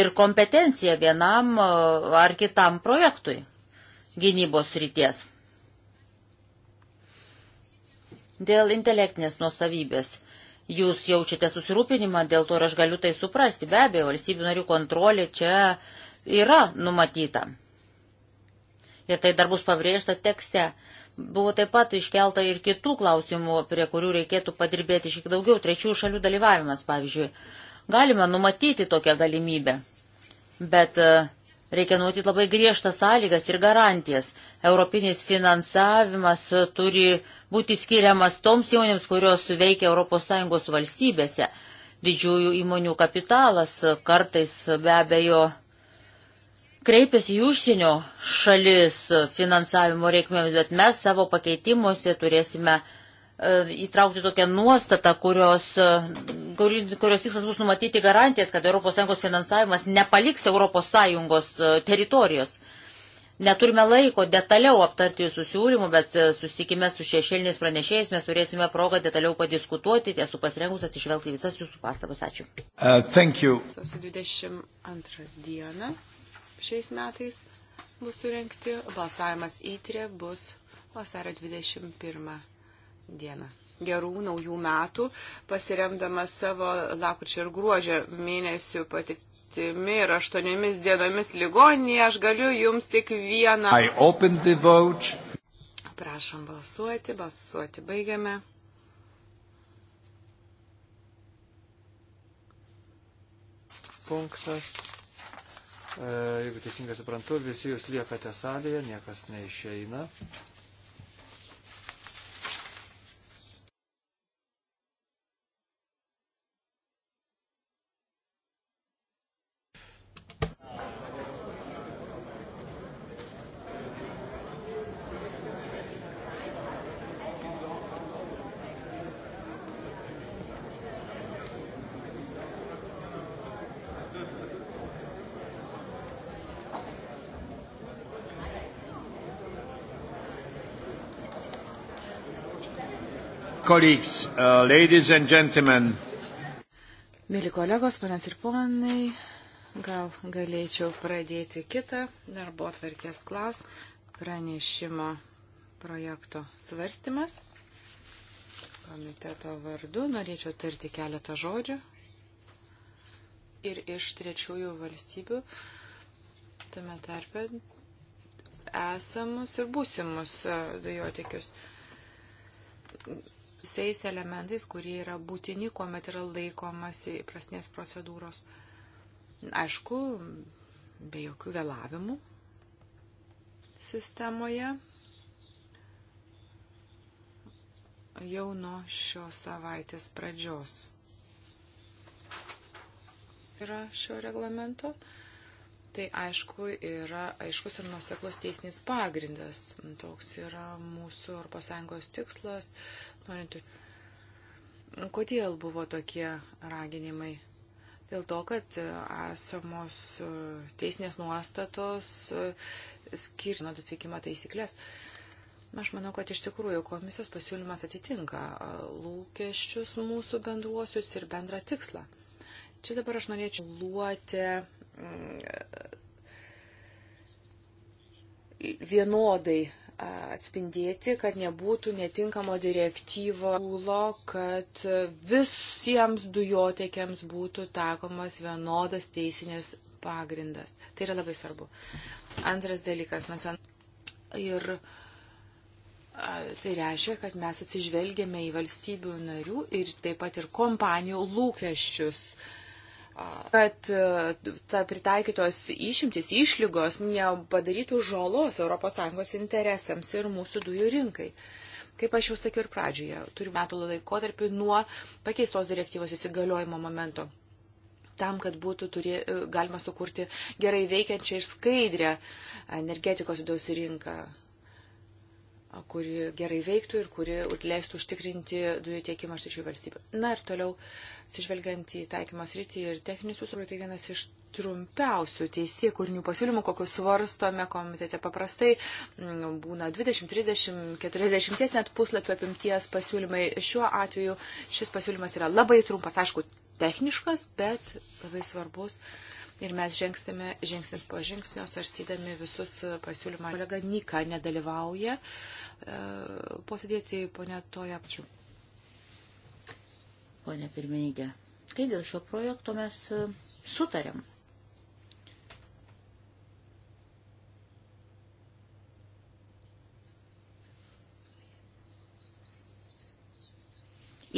ir kompetenciją vienam ar kitam projektui gynybos ryties. Dėl intelektinės nuosavybės jūs jaučiate susirūpinimą, dėl to ir aš galiu tai suprasti. Be abejo, valstybių narių kontrolė čia yra numatyta. Ir tai dar bus pabrėžta tekste. Buvo taip pat iškelta ir kitų klausimų, prie kurių reikėtų padirbėti šiek tiek daugiau. Trečiųjų šalių dalyvavimas, pavyzdžiui. Galima numatyti tokią galimybę. Bet uh, Reikia nuotyti labai griežtas sąlygas ir garantijas. Europinis finansavimas e, turi būti skiriamas toms įmonėms, kurios veikia ES valstybėse. Didžiųjų įmonių kapitalas e, kartais e, be abejo kreipiasi į užsienio šalis finansavimo reikmėms, bet mes savo pakeitimuose turėsime uh, E, įtraukti tokią nuostatą, kurios, e, kurios tikslas bus numatyti garantijas, kad ES finansavimas nepaliks ES e, teritorijos. Neturime laiko detaliau aptarti jūsų siūlymų, bet susikime su šešėliniais pranešėjais, mes turėsime progą detaliau padiskutuoti, esu pasirengus atsižvelgti visas jūsų pastabas. Ačiū. Uh, Sausio 22 dieną šiais metais bus surinkti, balsavimas įtrė bus vasario 21 dieną. Gerų naujų metų, pasiremdamas savo lapkričio ir gruodžio mėnesių patirtimi ir aštuoniomis dienomis ligoninėje, aš galiu jums tik vieną. Prašom balsuoti, balsuoti baigiame. Punktas. E, jeigu teisingai suprantu, visi jūs liekate salėje, niekas neišeina. colleagues, uh, ladies and gentlemen. Mėly kolegos, panas ir ponai, gal galėčiau pradėti kitą darbo atvarkės klaus pranešimo projekto svarstymas. Komiteto vardu norėčiau tarti keletą žodžių. Ir iš trečiųjų valstybių, tame tarpe esamus ir būsimus dujotikius visais elementais, kurie yra būtini, kuomet yra laikomasi prasnės procedūros. Aišku, be jokių vėlavimų sistemoje. Jau nuo šios savaitės pradžios yra šio reglamento. Tai aišku yra aiškus ir nuseklus teisinis pagrindas. Toks yra mūsų ES tikslas. Norint... Kodėl buvo tokie raginimai? Dėl to, kad e, esamos e, teisinės nuostatos e, skirti nuo atsiekimo taisyklės. Aš manau, kad iš tikrųjų komisijos pasiūlymas atitinka lūkesčius mūsų bendruosius ir bendrą tikslą. Čia dabar aš norėčiau luoti mm, vienodai atspindėti, kad nebūtų netinkamo direktyvo siūlo, kad visiems dujotekiams būtų takomas vienodas teisinės pagrindas. Tai yra labai svarbu. Antras dalykas. Ir tai reiškia, kad mes atsižvelgėme į valstybių narių ir taip pat ir kompanijų lūkesčius. Uh, kad e, ta pritaikytos išimtis, išlygos nepadarytų žalos ES interesams ir mūsų dujų rinkai. Kaip aš jau sakiau ir pradžioje, turiu metų laikotarpį nuo pakeistos direktyvos įsigaliojimo momento tam, kad būtų turi, e, galima sukurti gerai veikiančią ir skaidrę energetikos vidaus rinką kuri gerai veiktų ir kuri leistų užtikrinti dujų tiekimą iš šių valstybių. Na ir toliau, atsižvelgiant į taikymą sritį ir techninius užsarų, tai vienas iš trumpiausių teisėjų kūrinių pasiūlymų, kokius svarstome komitete paprastai, mm, būna 20, 30, 40 net puslapio apimties pasiūlymai. Šiuo atveju šis pasiūlymas yra labai trumpas, aišku, techniškas, bet labai svarbus. Ir mes žengsime žingsnis po žingsnio, svarstydami visus pasiūlymą. Kolega Nika nedalyvauja. Uh, E, posėdėti ponė Tojapčių. Pone pirmininkė, kai dėl šio projekto mes e, sutarėm.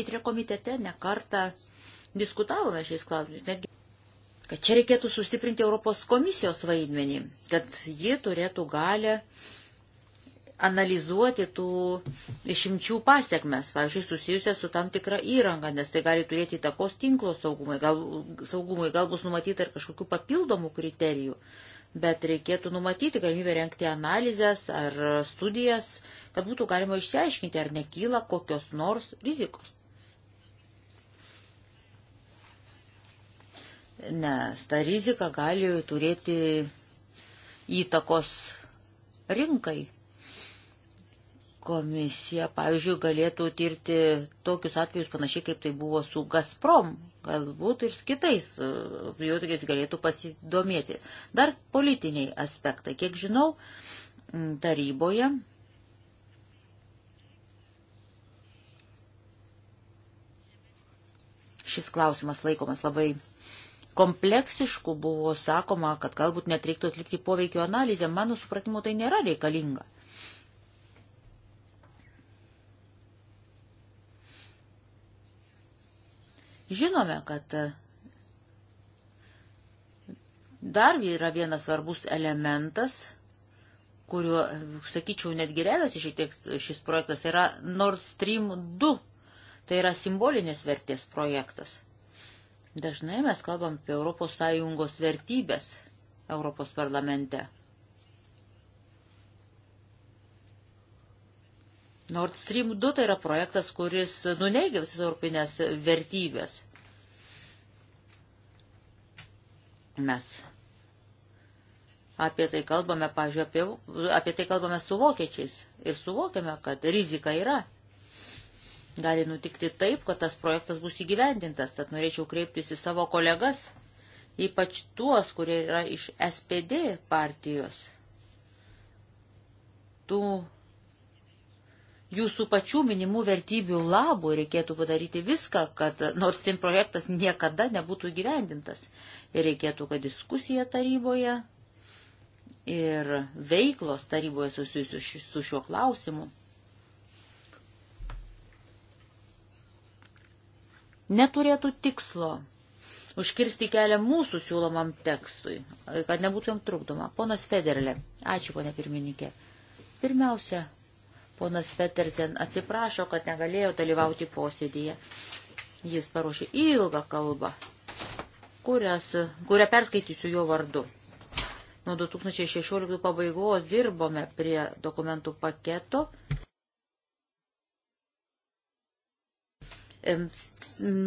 Įtrė komitete nekartą diskutavome šiais klausimais, netgi, kad čia reikėtų sustiprinti Europos komisijos vaidmenį, kad ji turėtų galę uh, analizuoti tų išimčių pasiekmes, pavyzdžiui, susijusią su tam tikra įranga, nes tai gali turėti įtakos tinklo saugumui, gal, saugumui, gal bus numatyta ir kažkokių papildomų kriterijų, bet reikėtų numatyti galimybę renkti analizės ar studijas, kad būtų galima išsiaiškinti, ar nekyla kokios nors rizikos. Nes ta rizika gali turėti įtakos rinkai komisija, pavyzdžiui, galėtų tirti tokius atvejus panašiai, kaip tai buvo su Gazprom, galbūt ir kitais, e, jau tokiais galėtų pasidomėti. Dar politiniai aspektai, kiek žinau, taryboje. Šis klausimas laikomas labai kompleksiškų, buvo sakoma, kad galbūt net reiktų atlikti poveikio analizę. Mano supratimu, tai nėra reikalinga. Žinome, kad e, dar yra vienas svarbus elementas, kuriuo, sakyčiau, netgi remiasi šis projektas, tai yra Nord Stream 2. Tai yra simbolinės vertės projektas. Dažnai mes kalbam apie ES vertybės Europos parlamente. Nord Stream 2 tai yra projektas, kuris nuneigia visas europinės vertybės. Mes apie tai kalbame, pažiūrėjau, apie, apie tai kalbame su vokiečiais ir suvokiame, kad rizika yra. Gali nutikti taip, kad tas projektas bus įgyvendintas, tad norėčiau kreiptis į savo kolegas, ypač tuos, kurie yra iš SPD partijos. Tų jūsų pačių minimų vertybių labų reikėtų padaryti viską, kad Nord Stream projektas niekada nebūtų įgyvendintas. Ir reikėtų, kad diskusija taryboje ir veiklos taryboje susijusiu su šiuo klausimu neturėtų tikslo užkirsti kelią mūsų siūlomam tekstui, kad nebūtų jam trukdoma. Ponas Federlė, ačiū, ponė pirmininkė. Pirmiausia, Ponas Petersen atsiprašo, kad negalėjo dalyvauti posėdėje. Jis paruošė ilgą kalbą, kurias, kurią perskaitysiu jo vardu. Nuo 2016 pabaigos dirbome prie dokumentų paketo.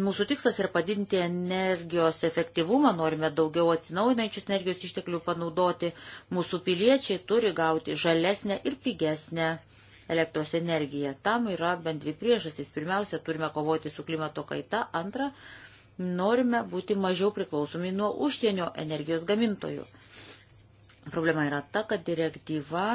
Mūsų tikslas yra padinti energijos efektyvumą, norime daugiau atsinaujinančius energijos išteklių panaudoti. Mūsų piliečiai turi gauti žalesnę ir pigesnę elektros energiją. Tam yra bent dvi priežastys. Pirmiausia, turime kovoti su klimato kaita. Antra, norime būti mažiau priklausomi nuo užsienio energijos gamintojų. Problema yra ta, kad direktyva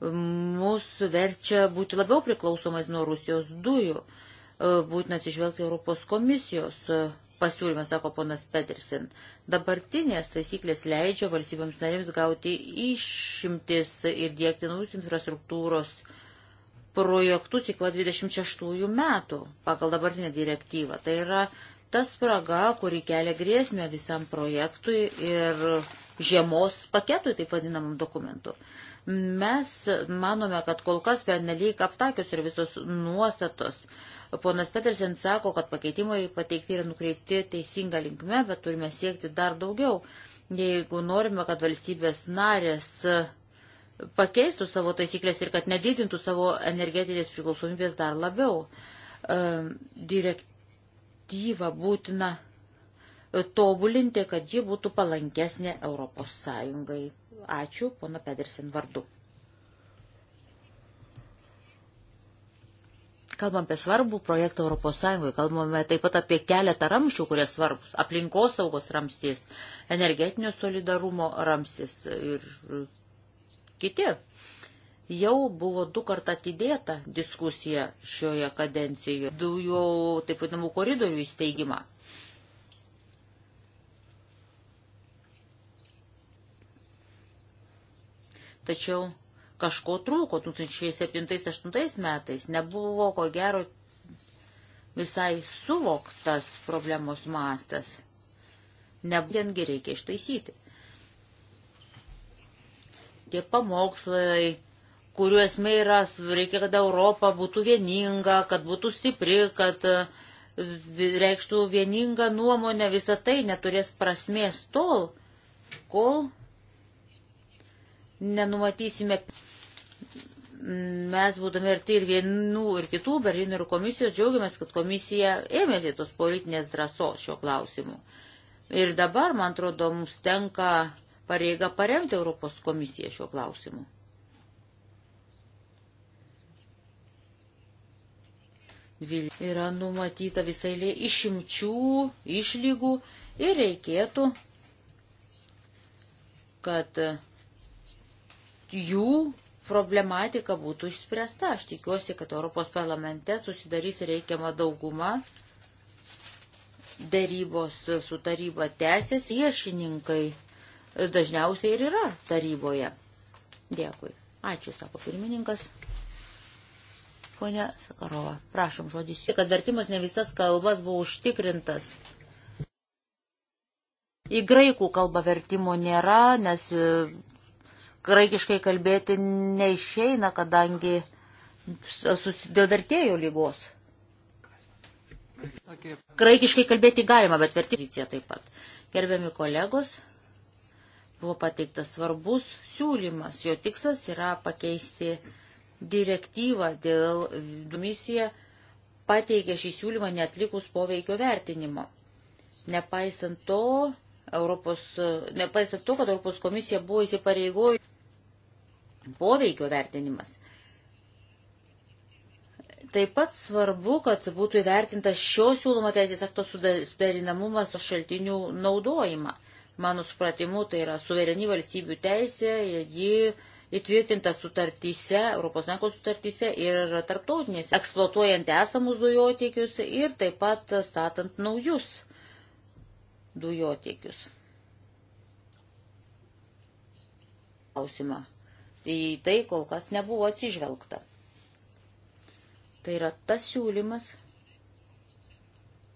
mūsų verčia būti labiau priklausomais nuo Rusijos dujų. E, būtina atsižvelgti Europos komisijos e, pasiūlymas, sako ponas Petersen. Dabartinės taisyklės leidžia valstybėms narėms gauti išimtis ir dėkti naujus infrastruktūros projektus iki 26 metų pagal dabartinę direktyvą. Tai yra ta spraga, kuri kelia grėsmę visam projektui ir žiemos paketui, taip vadinamam dokumentu. Mes manome, kad kol kas pernelyg aptakius ir visos nuostatos. Ponas Petersen sako, kad pakeitimai pateikti yra nukreipti teisinga linkme, bet turime siekti dar daugiau. Jeigu norime, kad valstybės narės pakeistų savo taisyklės ir kad nedidintų savo energetinės priklausomybės dar labiau. E, Direktyvą būtina tobulinti, kad ji būtų palankesnė Europos Sąjungai. Ačiū, pono Pedersen vardu. Kalbam apie svarbų projektą Europos Sąjungoje, kalbame taip pat apie keletą ramščių, kurie svarbus - aplinkosaugos ramstis, energetinio solidarumo ramstis ir kiti. Jau buvo du kart atidėta diskusija šioje kadencijoje dujų, taip vadinamų, koridorių įsteigimą. Tačiau kažko trūko 2007-2008 metais, nebuvo ko gero visai suvoktas problemos mastas. Nebūtent reikia ištaisyti tie pamokslai, kurių esmė yra, reikia, kad Europa būtų vieninga, kad būtų stipri, kad e, reikštų vieningą nuomonę, visa tai neturės prasmės tol, kol nenumatysime. Mes, būdami ir tai ir vienų, ir kitų Berlyno ir komisijos, džiaugiamės, kad komisija ėmėsi tos politinės drąsos šio klausimu. Ir dabar, man atrodo, mums tenka pareiga paremti Europos komisiją šiuo klausimu. Yra numatyta visai lė išimčių, išlygų ir reikėtų, kad jų problematika būtų išspręsta. Aš tikiuosi, kad Europos parlamente susidarys reikiama dauguma. Dėrybos su taryba tęsės, iešininkai dažniausiai ir yra taryboje. Dėkui. Ačiū, sako pirmininkas. Pone Sakarova, prašom žodis. Kad vertimas ne visas kalbas buvo užtikrintas. Į graikų kalbą vertimo nėra, nes e, graikiškai kalbėti neišeina, kadangi dėl vertėjo lygos. Graikiškai kalbėti galima, bet verticija taip pat. Gerbiami kolegos. Buvo pateiktas svarbus siūlymas. Jo tikslas yra pakeisti direktyvą dėl misija pateikė šį siūlymą netlikus poveikio vertinimo. Nepaisant to, Europos, nepaisant to, kad Europos komisija buvo įsipareigojusi poveikio vertinimas. Taip pat svarbu, kad būtų įvertintas šio siūlomo teisės akto suderinamumas su šaltinių naudojimą. Mano supratimu, tai yra suvereni valstybių teisė, ji įtvirtinta sutartyse, ES sutartyse ir tarptautinėse, eksploatuojant esamus dujotiekius ir taip pat statant naujus dujotiekius. Klausimą. Į tai kol kas nebuvo atsižvelgta. Tai yra tas siūlymas,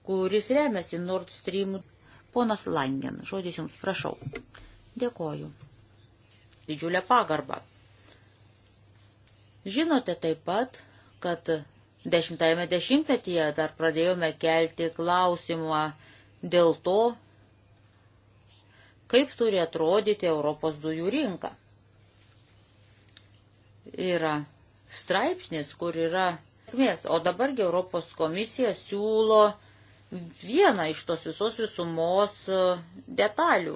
kuris remiasi Nord Stream Ponas Langen, žodis jums, prašau. Dėkoju. Didžiulė pagarba. Žinote taip pat, kad dešimtajame dešimtmetyje dar pradėjome kelti klausimą dėl to, kaip turi atrodyti Europos dujų rinka. Yra straipsnis, kur yra sėkmės, o dabargi Europos komisija siūlo vieną iš tos visos visumos e, detalių.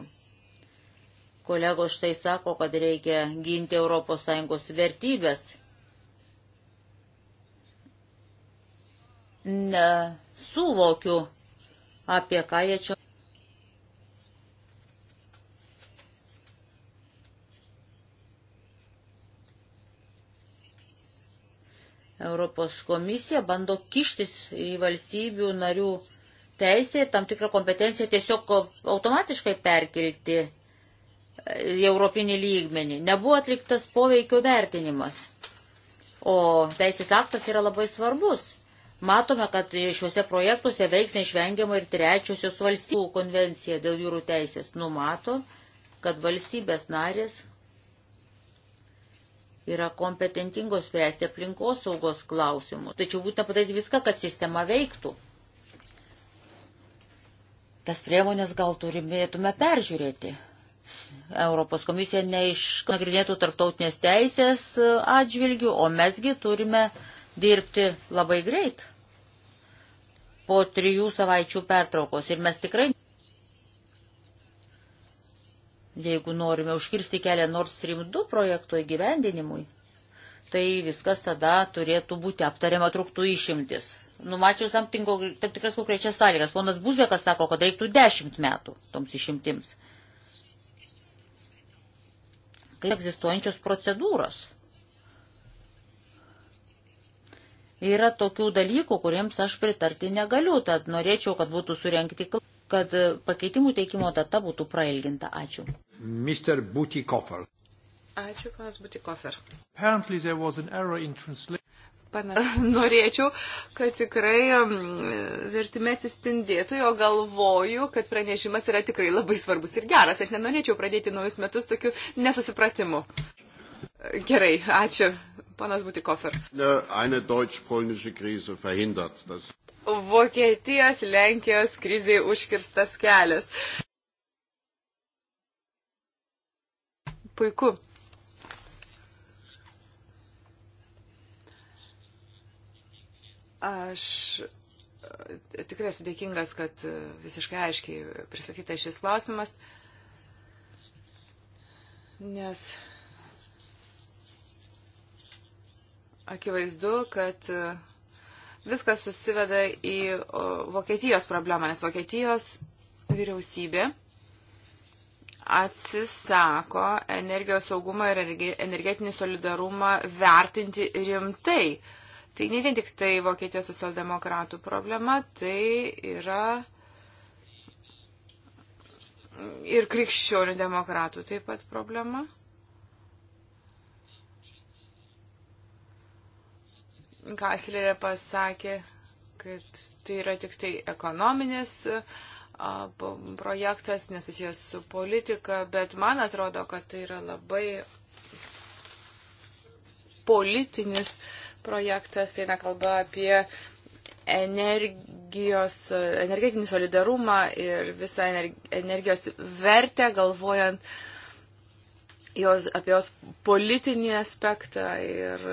Kolegos štai sako, kad reikia ginti ES vertybės. Nesuvokiu, apie ką jie čia. Europos komisija bando kištis į valstybių narių teisę ir tam tikrą kompetenciją tiesiog automatiškai perkelti e, į europinį lygmenį. Nebuvo atliktas poveikio vertinimas. O teisės aktas yra labai svarbus. Matome, kad šiuose projektuose veiks neišvengiamai ir trečiosios valstybių konvencija dėl jūrų teisės numato, kad valstybės narės yra kompetentingos spręsti aplinkos saugos klausimų. Tačiau būtina padaryti viską, kad sistema veiktų tas priemonės gal turėtume peržiūrėti. Europos komisija neišnagrinėtų tarptautinės teisės atžvilgių, o mesgi turime dirbti labai greit po trijų savaičių pertraukos. Ir mes tikrai, jeigu norime užkirsti kelią Nord Stream 2 projekto įgyvendinimui, tai viskas tada turėtų būti aptariama truktų išimtis numačius tam, tinko, tam tikras konkrečias sąlygas. Ponas Buzekas sako, kad reiktų dešimt metų toms išimtims. Kaip egzistuojančios procedūros. Yra tokių dalykų, kuriems aš pritarti negaliu, tad norėčiau, kad būtų surenkti, kad pakeitimų teikimo data būtų prailginta. Ačiū. Mr. Butikofer. Ačiū, panas Butikofer. Norėčiau, kad tikrai mm, vertime atsispindėtų, jo galvoju, kad pranešimas yra tikrai labai svarbus ir geras. Aš nenorėčiau pradėti naujus metus tokiu nesusipratimu. Gerai, ačiū. Panas Butikofer. Vokietijos, Lenkijos kriziai užkirstas kelias. Puiku. Aš e, tikrai esu dėkingas, kad e, visiškai aiškiai pristatytas šis klausimas, nes akivaizdu, kad e, viskas susiveda į Vokietijos problemą, nes Vokietijos vyriausybė atsisako energijos saugumą ir energetinį solidarumą vertinti rimtai. Uh, Tai ne vien tik tai Vokietijos socialdemokratų problema, tai yra ir krikščionių demokratų taip pat problema. Kaslerė pasakė, kad tai yra tik tai ekonominis projektas, nesusijęs su politika, bet man atrodo, kad tai yra labai politinis uh, projektas, tai eina kalba apie energijos, energetinį solidarumą ir visą energijos vertę, galvojant jos, apie jos politinį aspektą ir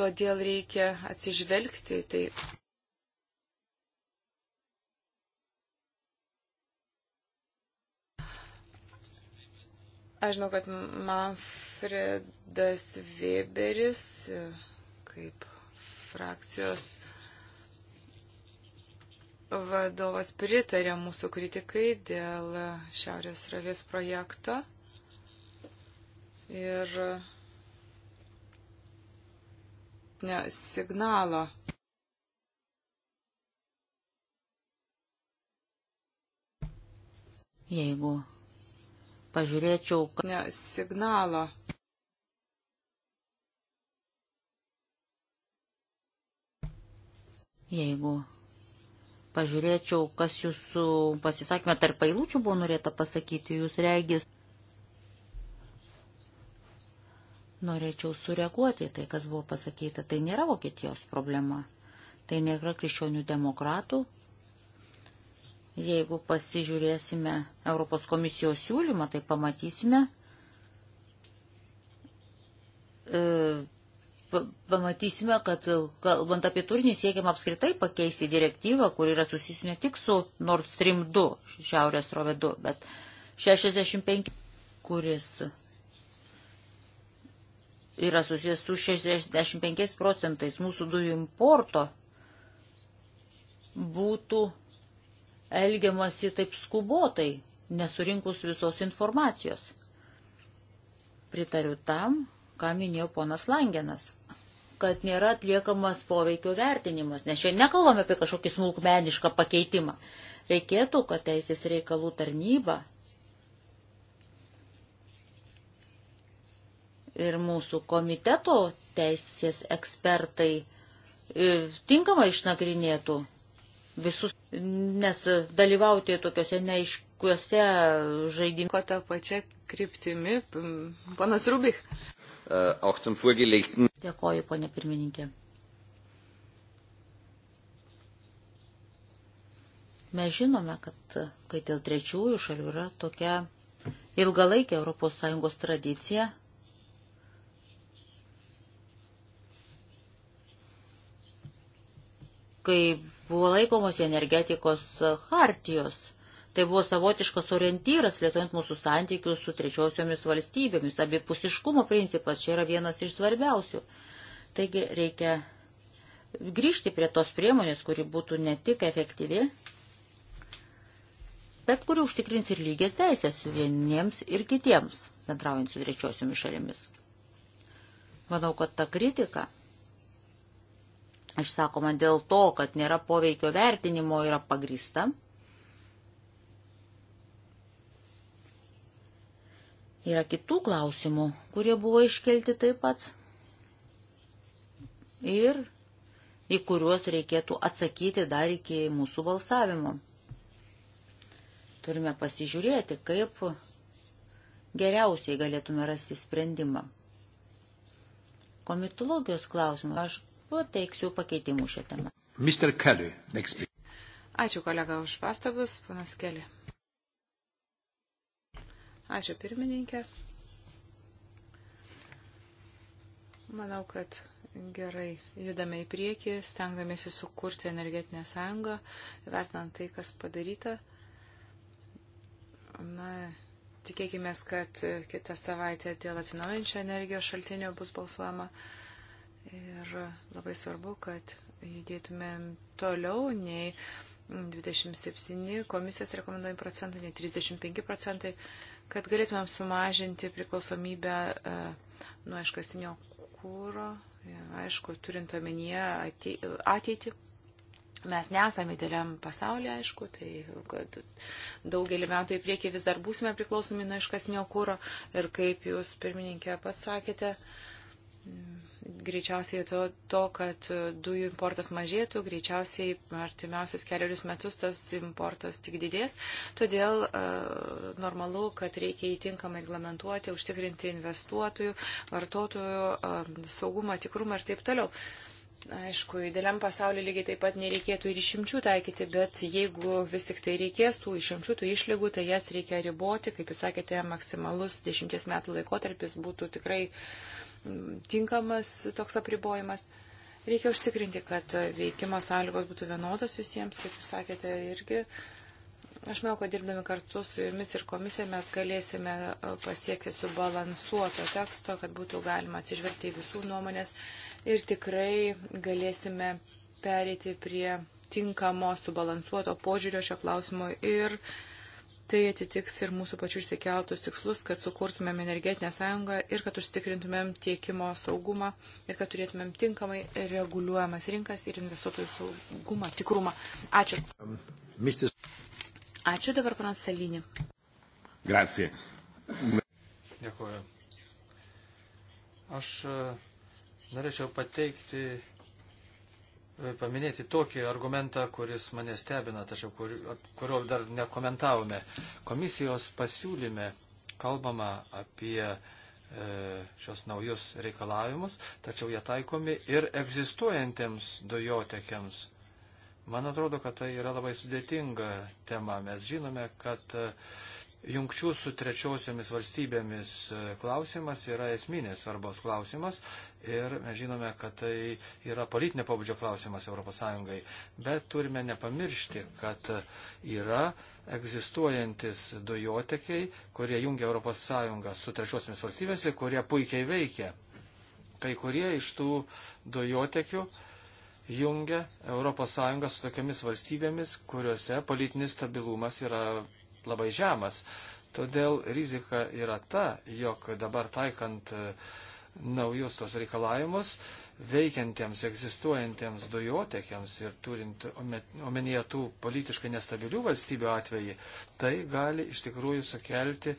todėl reikia atsižvelgti. Tai Aš žinau, kad Manfredas Weberis, kaip frakcijos vadovas, pritarė mūsų kritikai dėl Šiaurės ravės projekto. Ir ne, signalo. Jeigu pažiūrėčiau. Ne, signalo. Jeigu pažiūrėčiau, kas jūsų pasisakymė tarp eilučių buvo norėta pasakyti, jūs regis. Norėčiau sureaguoti tai, kas buvo pasakyta. Tai nėra Vokietijos problema. Tai nėra krikščionių demokratų Jeigu pasižiūrėsime Europos komisijos siūlymą, tai pamatysime, e, pamatysime, kad kalbant apie turinį siekiam apskritai pakeisti direktyvą, kur yra susijusi ne tik su Nord Stream 2, Šiaurės Rove 2, bet 65, kuris yra susijęs su 65 procentais mūsų dujų importo, būtų elgiamasi taip skubotai, nesurinkus visos informacijos. Pritariu tam, ką minėjo ponas Langenas kad nėra atliekamas poveikio vertinimas, nes šiandien nekalbame apie kažkokį smulkmenišką pakeitimą. Reikėtų, kad teisės reikalų tarnyba ir mūsų komiteto teisės ekspertai e, tinkamai išnagrinėtų visus, nes dalyvauti tokiuose neaiškiuose žaidimuose. Ko tą pačią kryptimi, panas Rubik. Äh, Dėkoju, ponė pirmininkė. Mes žinome, kad kai dėl trečiųjų šalių yra tokia ilgalaikė ES tradicija, kai buvo laikomos energetikos hartijos. Tai buvo savotiškas orientyras, lietuojant mūsų santykius su trečiosiomis valstybėmis. Abipusiškumo principas čia yra vienas iš svarbiausių. Taigi reikia grįžti prie tos priemonės, kuri būtų ne tik efektyvi, bet kuri užtikrins ir lygės teisės vieniems ir kitiems, bendraujant su trečiosiomis šalimis. Manau, kad ta kritika išsakoma dėl to, kad nėra poveikio vertinimo, yra pagrįsta. Yra kitų klausimų, kurie buvo iškelti taip pat ir į kuriuos reikėtų atsakyti dar iki mūsų balsavimo. Turime pasižiūrėti, kaip geriausiai galėtume rasti sprendimą. Komitologijos klausimą aš pateiksiu pakeitimų šią temą. Mr. Kelly, next speaker. Ačiū kolega už pastabus, panas Kelly. Ačiū pirmininkė. Manau, kad gerai judame į priekį, stengdamėsi sukurti energetinę sąjungą, vertinant tai, kas padaryta. Na, tikėkime, kad kitą savaitę dėl atsinaujančio energijos šaltinio bus balsuojama. Uh, Ir labai svarbu, kad judėtumėm toliau nei 27 komisijos rekomenduojami procentai, nei 35 procentai, kad galėtumėm sumažinti priklausomybę e, nuo iškastinio kūro, aišku, turint omenyje ateitį. Mes nesame dėliam pasaulyje, aišku, tai kad daugelį metų į priekį vis dar būsime priklausomi nuo iškasnio kūro ir kaip jūs pirmininkė pasakėte, greičiausiai to, to, kad e, dujų importas mažėtų, greičiausiai artimiausius keliarius metus tas importas tik didės. Todėl e, normalu, kad reikia įtinkamai reglamentuoti, užtikrinti investuotojų, vartotojų e, saugumą, tikrumą ir taip toliau. Aišku, dėliam pasauliu lygiai taip pat nereikėtų ir išimčių taikyti, bet jeigu vis tik tai reikės tų išimčių, tų išlygų, tai jas reikia riboti. Kaip jūs sakėte, maksimalus dešimties metų laikotarpis būtų tikrai uh, tinkamas toks apribojimas. Reikia užtikrinti, kad veikimo sąlygos būtų vienodos visiems, kaip jūs sakėte, irgi. Aš manau, kad dirbdami kartu su jumis ir komisija mes galėsime e, pasiekti subalansuoto teksto, kad būtų galima atsižvelgti į visų nuomonės ir tikrai galėsime perėti prie tinkamo subalansuoto požiūrio šio klausimo ir uh, Tai atitiks ir mūsų pačių išsikeltus tikslus, kad sukurtumėm energetinę sąjungą ir kad užtikrintumėm tiekimo saugumą ir kad turėtumėm tinkamai reguliuojamas rinkas ir investuotojų saugumą, tikrumą. Ačiū. Um, Ačiū dabar, panas Salinį. Gracija. Dėkuoju. Aš e, norėčiau pateikti E, paminėti tokį argumentą, kuris mane stebina, tačiau kur, kurio dar nekomentavome. Komisijos pasiūlyme kalbama apie e, šios naujus reikalavimus, tačiau jie taikomi ir egzistuojantiems dujotekiams. Man atrodo, kad tai yra labai sudėtinga tema. Mes žinome, kad e, jungčių su trečiosiomis valstybėmis e, klausimas yra esminės svarbos klausimas ir mes žinome, kad tai yra politinė pabudžio klausimas ES. Bet turime nepamiršti, kad yra egzistuojantis dujotekiai, kurie jungia ES su trečiosiomis valstybėmis ir kurie puikiai veikia. Kai kurie iš tų dujotekių jungia ES su tokiamis valstybėmis, kuriuose politinis stabilumas yra labai žemas. Todėl rizika yra ta, jog dabar taikant e, naujus tos reikalavimus, veikiantiems, egzistuojantiems dujotekiams ir turint omenyje tų politiškai nestabilių valstybių atvejį, tai gali iš tikrųjų sukelti e,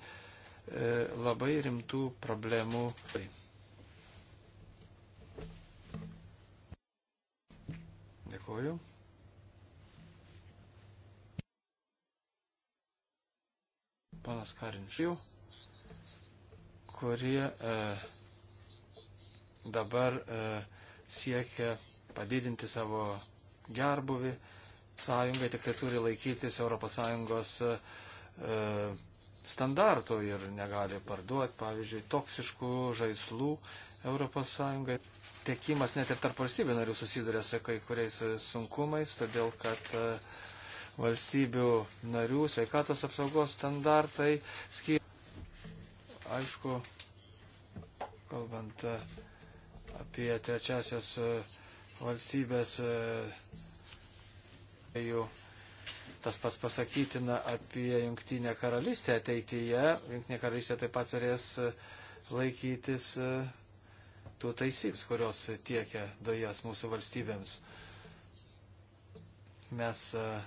labai rimtų problemų. Dėkuoju. panas Karinčių, kurie e, dabar e, siekia padidinti savo gerbuvi sąjungai, tik tai turi laikytis ES e, e, standartų ir negali parduoti, pavyzdžiui, toksiškų žaislų ES. Tekimas net ir tarp valstybių narių susiduria su kai kuriais e, sunkumais, todėl kad e, valstybių narių sveikatos apsaugos standartai skiriasi. Aišku, kalbant e, apie trečiasias e, valstybės, e, tai jų tas pats pasakytina apie Junktinę karalystę ateityje. Junktinė karalystė taip pat turės laikytis tų taisyks, kurios tiekia dujas mūsų valstybėms. Mes uh,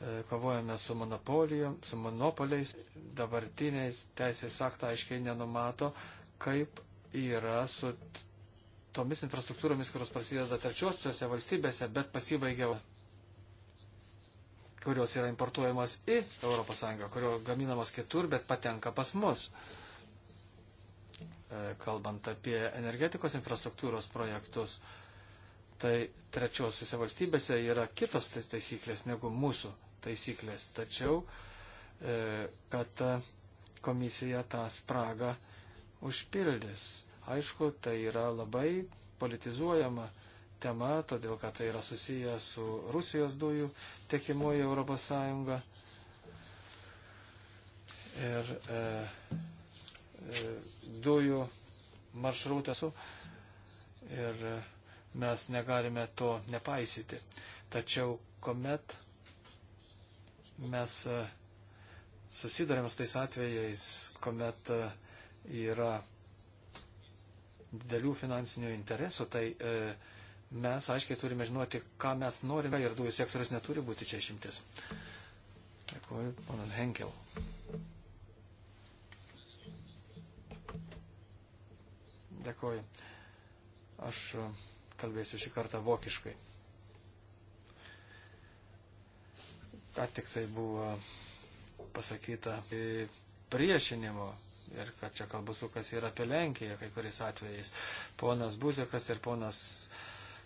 E, kovojame su monopolijom, su monopoliais. Dabartiniais teisės aktą aiškiai nenumato, kaip yra su tomis infrastruktūromis, kurios prasideda trečiosiuose valstybėse, bet pasibaigia, kurios yra importuojamas į ES, kurio gaminamos kitur, bet patenka pas mus. E, kalbant apie energetikos infrastruktūros projektus, tai trečiosiuose valstybėse yra kitos tai taisyklės negu mūsų taisyklės. Tačiau, e, kad komisija tą spragą užpildys. Aišku, tai yra labai politizuojama tema, todėl kad tai yra susiję su Rusijos dujų tiekimu į Europos Sąjungą. Ir e, e, dujų maršrutas. Ir mes negalime to nepaisyti. Tačiau, kuomet Mes e, susidarėm su tais atvejais, kuomet e, yra didelių finansinių interesų, tai e, mes aiškiai turime žinoti, ką mes norime ir dujų sektorius neturi būti čia išimtis. Dėkuoju, ponas Henkel. Dėkuoju. Aš e, kalbėsiu šį kartą vokiškai. ką tik tai buvo pasakyta priešinimo ir kad čia kalbu sukas ir apie Lenkiją kai kuriais atvejais. Ponas Buzekas ir ponas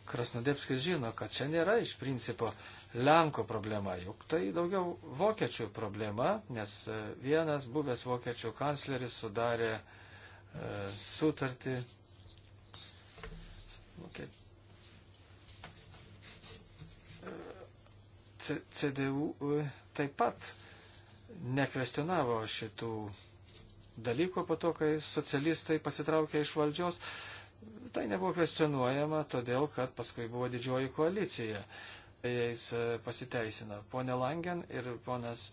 Krasnodėpskis žino, kad čia nėra iš principo Lenko problema, juk tai daugiau vokiečių problema, nes e, vienas buvęs vokiečių kancleris sudarė e, sutartį. Vokiet, CDU e, taip pat nekvestionavo šitų dalykų po to, kai socialistai pasitraukė iš valdžios. Tai nebuvo kvestionuojama, todėl kad paskui buvo didžioji koalicija. Jais e, pasiteisina. Pone Langen ir ponas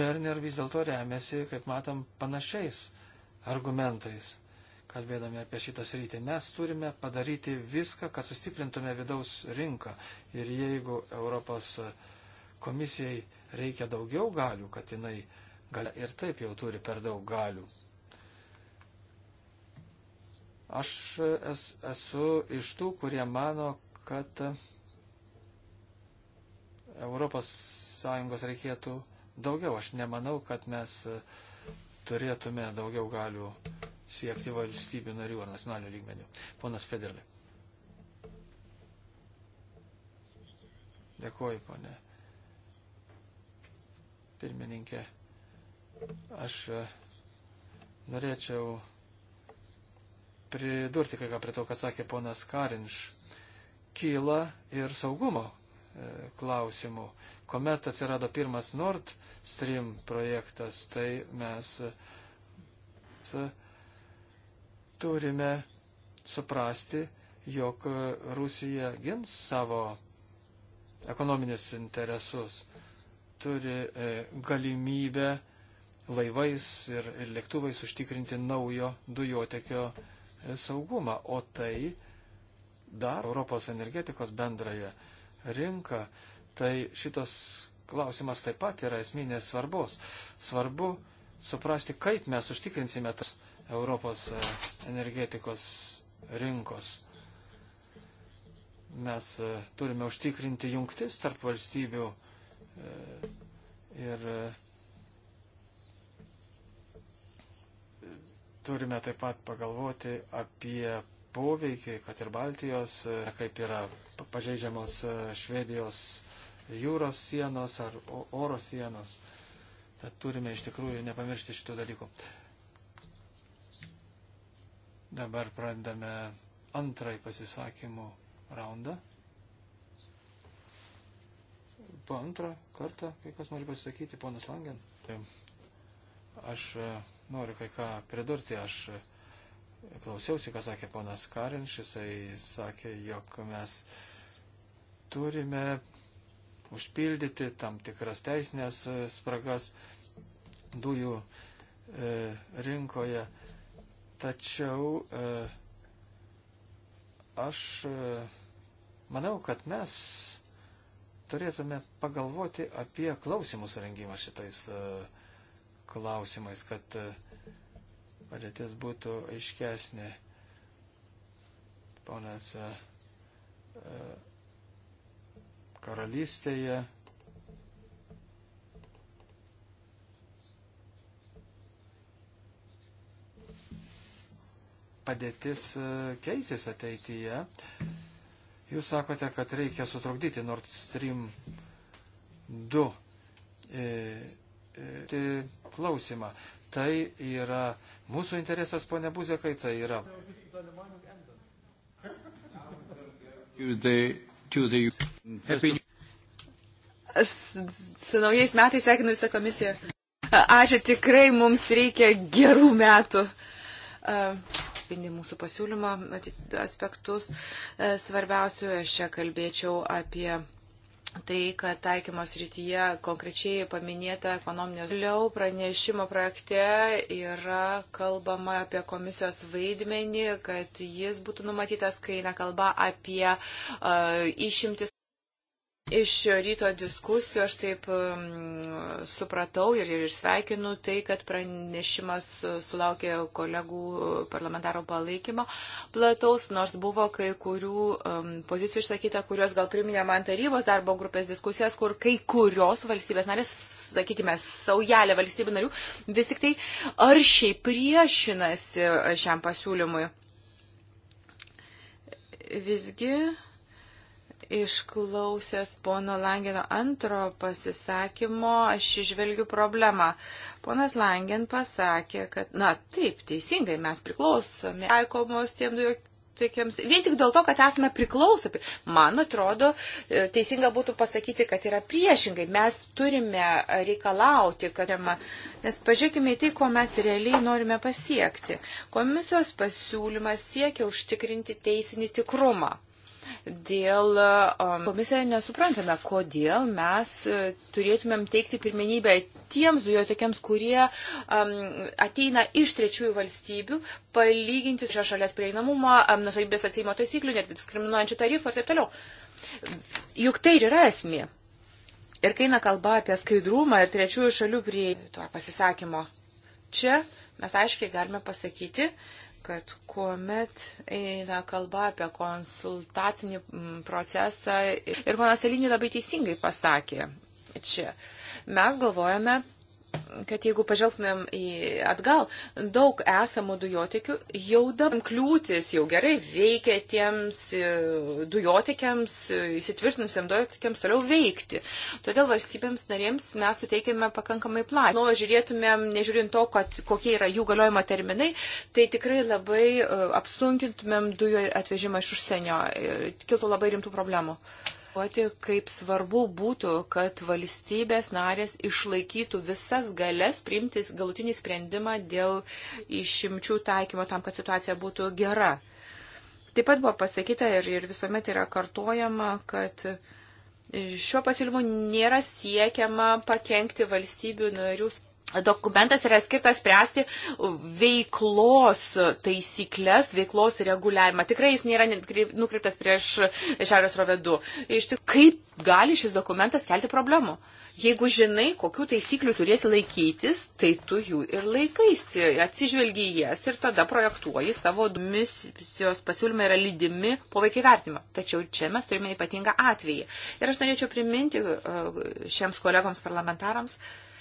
Werner vis dėlto remiasi, kaip matom, panašiais argumentais kalbėdami apie šitą sritį. Mes turime padaryti viską, kad sustiprintume vidaus rinką. Ir jeigu Europos komisijai reikia daugiau galių, kad jinai galia ir taip jau turi per daug galių. Aš esu iš tų, kurie mano, kad Europos Sąjungos reikėtų daugiau. Aš nemanau, kad mes turėtume daugiau galių siekti valstybių narių ar nacionalinių lygmenių. Ponas Federli. Dėkuoju, ponė. Pirmininkė, aš e, norėčiau pridurti kai ką prie to, ką sakė ponas Karinš. Kyla ir saugumo e, klausimų. Komet atsirado pirmas Nord Stream projektas, tai mes e, turime suprasti, jog Rusija gins savo ekonominis interesus, turi e, galimybę laivais ir lėktuvais užtikrinti naujo dujotekio e, saugumą, o tai dar Europos energetikos bendrąją rinką, tai šitas klausimas taip pat yra esminės svarbos. Svarbu suprasti, kaip mes užtikrinsime tas Europos e, energetikos rinkos. Mes e, turime užtikrinti jungtis tarp valstybių e, ir turime taip pat pagalvoti apie poveikį, kad ir Baltijos, kaip yra pažeidžiamos Švedijos jūros sienos ar oro sienos. Tad turime iš tikrųjų nepamiršti šitų dalykų. Dabar pradedame antrąjį pasisakymų raundą. Po antrą kartą, kai kas nori pasisakyti, ponas Langen. Aš e, noriu kai ką pridurti. Aš e, klausiausi, ką sakė ponas Karinš. Jisai sakė, jog mes turime užpildyti tam tikras teisinės e, spragas dujų rinkoje. Tačiau e, aš e, manau, kad mes turėtume pagalvoti apie klausimų surengimą šitais e, klausimais, kad padėtis būtų aiškesnė. Ponas karalystėje padėtis e, keisis ateityje. Jūs sakote, kad reikia sutrukdyti Nord Stream 2 e, e, tai klausimą. Tai yra mūsų interesas, ponė Buzekai, tai yra. Su naujais metais sveikinu visą komisiją. Ačiū, tikrai mums reikia gerų metų. Uh atspindi mūsų pasiūlymo aspektus e, svarbiausių. Aš čia kalbėčiau apie tai, kad taikymos rytyje konkrečiai paminėta ekonominio vėliau pranešimo projekte yra kalbama apie komisijos vaidmenį, kad jis būtų numatytas, kai nekalba apie uh, išimtis. Iš ryto diskusijų aš taip mm, supratau ir, ir sveikinu tai, kad pranešimas e, sulaukė kolegų e, parlamentarų palaikymo plataus, nors buvo kai kurių um, pozicijų išsakyta, kurios gal priminė man tarybos darbo grupės diskusijas, kur kai kurios valstybės narės, sakykime, saujelė valstybių narių vis tik tai aršiai priešinasi šiam pasiūlymui. Visgi Išklausęs pono Langeno antro pasisakymo, aš išvelgiu problemą. Ponas Langen pasakė, kad, na taip, teisingai, mes priklausome taikomos tiem dujų tiekiams, vien tik dėl to, kad esame priklausomi. Man atrodo, e, teisinga būtų pasakyti, kad yra priešingai. Mes turime reikalauti, kad, nes pažiūrėkime į tai, ko mes realiai norime pasiekti. Komisijos pasiūlymas siekia užtikrinti teisinį tikrumą dėl um, komisija nesuprantame, kodėl mes e, turėtumėm teikti pirmenybę tiems dujotekiams, kurie um, ateina iš trečiųjų valstybių, palyginti šios šalies prieinamumą, um, nusavybės atsijimo taisyklių, net diskriminuojančių tarifų ir taip toliau. Juk tai ir yra esmė. Ir kai eina kalba apie skaidrumą ir trečiųjų šalių prie to pasisakymo, čia mes aiškiai galime pasakyti, uh, kad kuomet eina kalba apie konsultacinį mm, procesą ir ponas Elinį labai teisingai pasakė čia, mes galvojame kad jeigu pažvelgtumėm į atgal, daug esamų dujotikių jau dabar kliūtis jau gerai veikia tiems e, dujotikiams, e, įsitvirtinusiems dujotikiams toliau veikti. Todėl valstybėms narėms mes suteikėme pakankamai plačiai. Nu, žiūrėtumėm, nežiūrint to, kad, kokie yra jų galiojimo terminai, tai tikrai labai e, apsunkintumėm dujų atvežimą iš užsienio. Kiltų labai rimtų problemų akcentuoti, kaip svarbu būtų, kad valstybės narės išlaikytų visas galės priimti galutinį sprendimą dėl išimčių taikymo tam, kad situacija būtų gera. Taip pat buvo pasakyta ir, ir visuomet yra kartojama, kad šiuo pasiūlymu nėra siekiama pakengti valstybių narius dokumentas yra skirtas spręsti veiklos taisyklės, veiklos reguliavimą. Tikrai jis nėra nukreiptas prieš Šiaurės rovedų. Iš tikrųjų, kaip gali šis dokumentas kelti problemų? Jeigu žinai, kokių taisyklių turėsi laikytis, tai tu jų ir laikaisi, atsižvelgi į jas ir tada projektuoji savo misijos pasiūlymą yra lydimi poveikiai vertinimo. Tačiau čia mes turime ypatingą atvejį. Ir aš norėčiau priminti uh, šiems kolegoms parlamentarams, uh,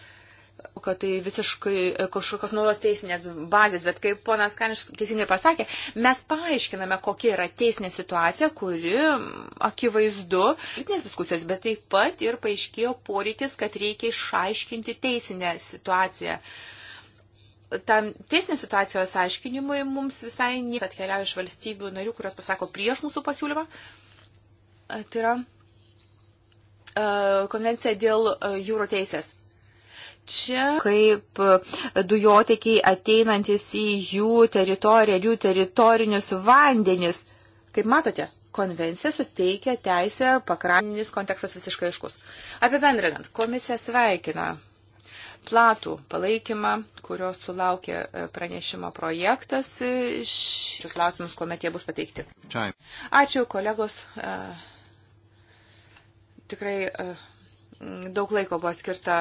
kad tai visiškai e, kažkokios naujos teisinės bazės, bet kaip ponas Kaniš teisingai pasakė, mes paaiškiname, kokia yra teisinė situacija, kuri akivaizdu, politinės diskusijos, bet taip pat ir paaiškėjo poreikis, kad reikia išaiškinti teisinę situaciją. Tam teisinės situacijos aiškinimui mums visai niekas atkeliavo iš valstybių narių, kurios pasako prieš mūsų pasiūlymą. E, tai yra e, konvencija dėl jūro teisės čia kaip e, dujotekiai ateinantis į jų teritoriją, jų teritorinius vandenis. Kaip matote, konvencija suteikia teisę, pakraninis kontekstas visiškai aiškus. Apibendrinant, komisija sveikina platų palaikymą, kurio sulaukė e, pranešimo projektas e, šis klausimus, kuomet jie bus pateikti. Ačiū, kolegos. Tikrai. Uh, Daug laiko buvo skirta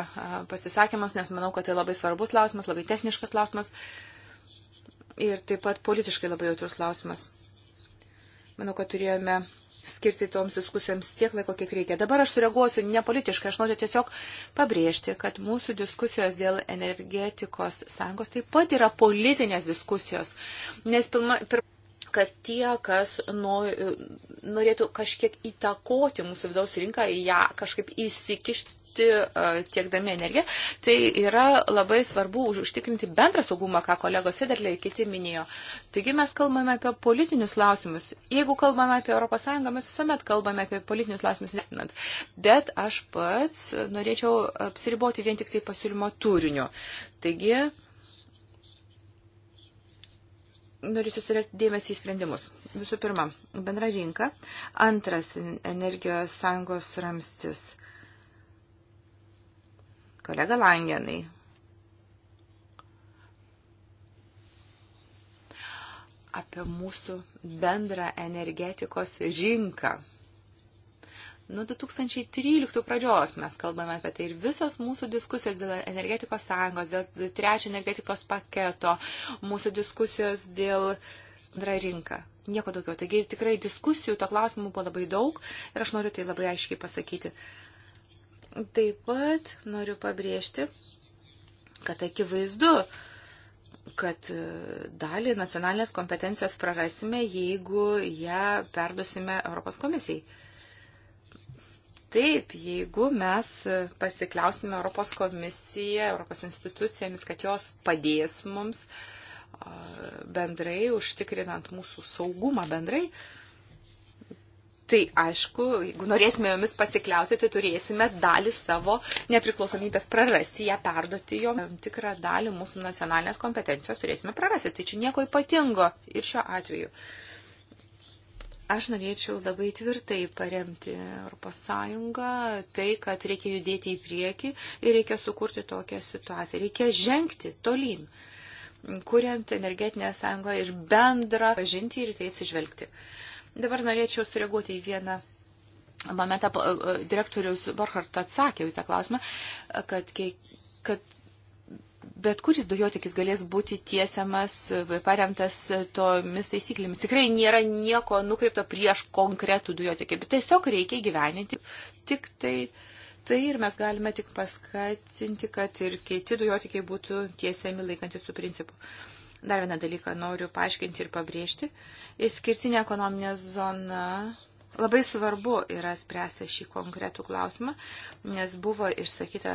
pasisakymams, nes manau, kad tai labai svarbus klausimas, labai techniškas klausimas ir taip pat politiškai labai jautrus klausimas. Manau, kad turėjome skirti toms diskusijoms tiek laiko, kiek reikia. Dabar aš sureaguosiu nepolitiškai, aš noriu tiesiog pabrėžti, kad mūsų diskusijos dėl energetikos sąjungos taip pat yra politinės diskusijos, nes pilma, pir, kad tie, kas nu, norėtų kažkiek įtakoti mūsų vidaus rinką, ją kažkaip įsikišti e, tiekdami energiją, tai yra labai svarbu užtikrinti bendrą saugumą, ką kolegos Sederlė ir kiti minėjo. Taigi mes kalbame apie politinius klausimus. Jeigu kalbame apie ES, mes visuomet kalbame apie politinius klausimus, netinant. Bet aš pats norėčiau apsiriboti vien tik tai pasiūlymo turiniu. Taigi, Noriu susirėti dėmesį į sprendimus. Visų pirma, bendra rinka. Antras, energijos sąjungos ramstis. Kolega Langenai. Apie mūsų bendrą energetikos rinką. Nuo 2013 pradžios mes kalbame apie tai ir visos mūsų diskusijos dėl energetikos sąjungos, dėl trečio energetikos paketo, mūsų diskusijos dėl bendra rinka. Nieko daugiau. Taigi tikrai diskusijų, to klausimų buvo labai daug ir aš noriu tai labai aiškiai pasakyti. Taip pat noriu pabrėžti, kad akivaizdu, kad e, dalį nacionalinės kompetencijos prarasime, jeigu ją perdusime Europos komisijai. Taip, jeigu mes pasikliausime Europos komisiją, Europos institucijomis, kad jos padės mums bendrai, užtikrinant mūsų saugumą bendrai, Tai aišku, jeigu norėsime jomis pasikliauti, tai turėsime dalį savo nepriklausomybės prarasti, ją perduoti jo. Tikrą dalį mūsų nacionalinės kompetencijos turėsime prarasti. Tai čia nieko ypatingo ir šiuo atveju. Uh, Aš norėčiau labai tvirtai paremti ES, tai, kad reikia judėti į priekį ir reikia sukurti tokią situaciją. Reikia žengti tolyn, kuriant energetinę sąjungą ir bendrą pažinti ir tai atsižvelgti. Dabar norėčiau sureaguoti į vieną momentą. Direktorius Borchardt atsakė į tą klausimą, kad, kad bet kuris dujotikis galės būti tiesiamas, e, paremtas e, tomis taisyklėmis. Tikrai nėra nieko nukreipto prieš konkretų dujotikį, bet tiesiog reikia gyveninti tik tai. Tai ir mes galime tik paskatinti, kad ir kiti dujotikiai būtų tiesiami laikantis tų principų. Dar vieną dalyką noriu paaiškinti ir pabrėžti. Išskirtinė ekonominė zona Labai svarbu yra spręsti šį konkretų klausimą, nes buvo išsakyta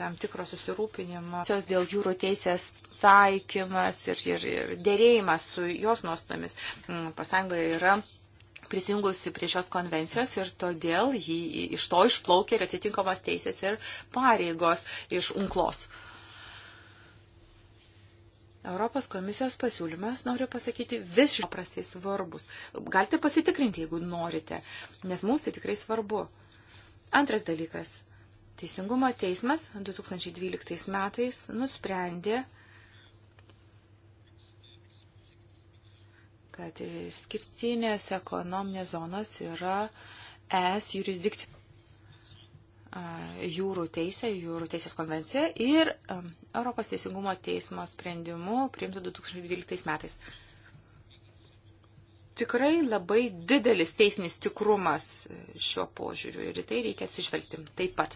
tam tikro susirūpinimo dėl jūrų teisės taikymas ir, ir, ir dėrėjimas su jos nuostomis. Mm, Pasangoje yra prisijungusi prie šios konvencijos ir todėl jį, iš to išplaukia ir atitinkamos teisės ir pareigos iš unklos. Uh, Europos komisijos pasiūlymas, noriu pasakyti, visiškai paprastai svarbus. Galite pasitikrinti, jeigu norite, nes mums tai tikrai svarbu. Antras dalykas. Teisingumo teismas 2012 metais nusprendė, kad išskirtinės ekonominės zonos yra ES jurisdikcijos jūrų teisę, jūrų teisės konvenciją ir Europos teisingumo teismo sprendimu priimtų 2012 metais. Tikrai labai didelis teisinis tikrumas e, šiuo požiūriu ir į tai reikia atsižvelgti taip pat.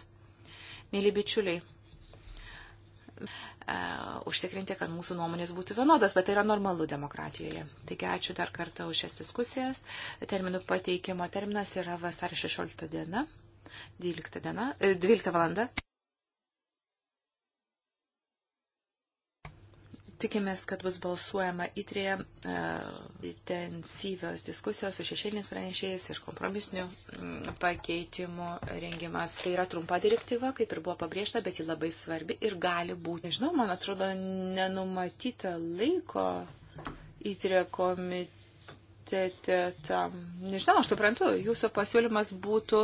Mėly bičiuliai, užtikrinti, kad mūsų nuomonės būtų vienodos, bet tai yra normalu demokratijoje. Taigi ačiū dar kartą už šias diskusijas. Terminų pateikimo terminas yra vasario 16 diena, 12, diena, 12 e, valanda. Tikimės, kad bus balsuojama įtrėje e, intensyvios diskusijos su šešėliniais pranešėjais ir kompromisinių mm, pakeitimų rengimas. Tai yra trumpa direktyva, kaip ir buvo pabrėžta, bet ji labai svarbi ir gali būti. Nežinau, man atrodo, nenumatyta laiko įtrė komitė komitete tam, nežinau, aš suprantu, jūsų pasiūlymas būtų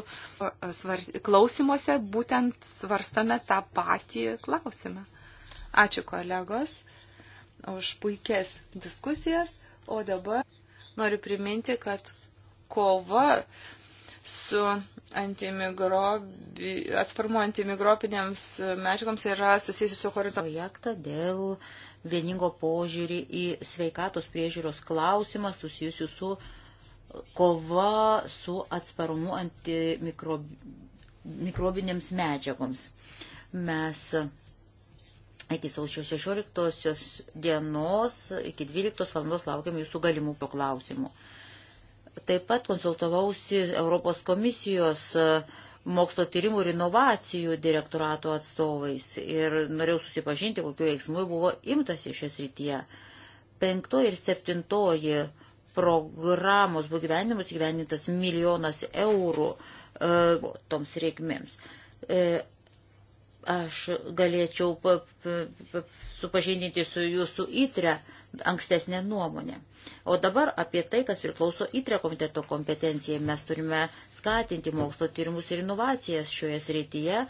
svars, klausimuose būtent svarstame tą patį klausimą. Ačiū kolegos už puikias diskusijas, o dabar noriu priminti, kad kova su antimigro... atsparumu antimigrobinėms medžiagoms yra susijusi su horizontu projektą dėl uh, vieningo požiūrį į sveikatos priežiūros klausimą susijusiu su kova su atsparumu antimikrobinėms medžiagoms. Mes iki sausio 16 dienos, iki 12 valandos laukiam jūsų galimų klausimų. Taip pat konsultavausi Europos komisijos uh, mokslo tyrimų ir inovacijų direktorato atstovais ir norėjau susipažinti, kokiu veiksmu buvo imtasi šios rytyje. Penktoji ir septintoji programos buvo gyvenimus gyvenintas milijonas eurų e, toms reikmėms. E, Aš galėčiau supažindinti su jūsų įtre ankstesnė nuomonė. O dabar apie tai, kas priklauso įtre komiteto kompetencijai. Mes turime skatinti mokslo tyrimus ir inovacijas šioje srityje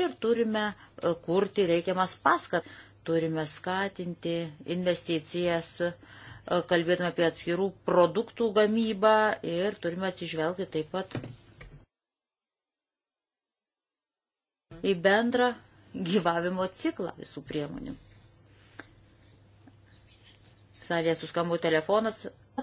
ir turime e, kurti reikiamas paskat. Turime skatinti investicijas, e, kalbėtume apie atskirų produktų gamybą ir turime atsižvelgti taip pat į bendrą gyvavimo ciklą visų priemonių. Salėje suskambu telefonas,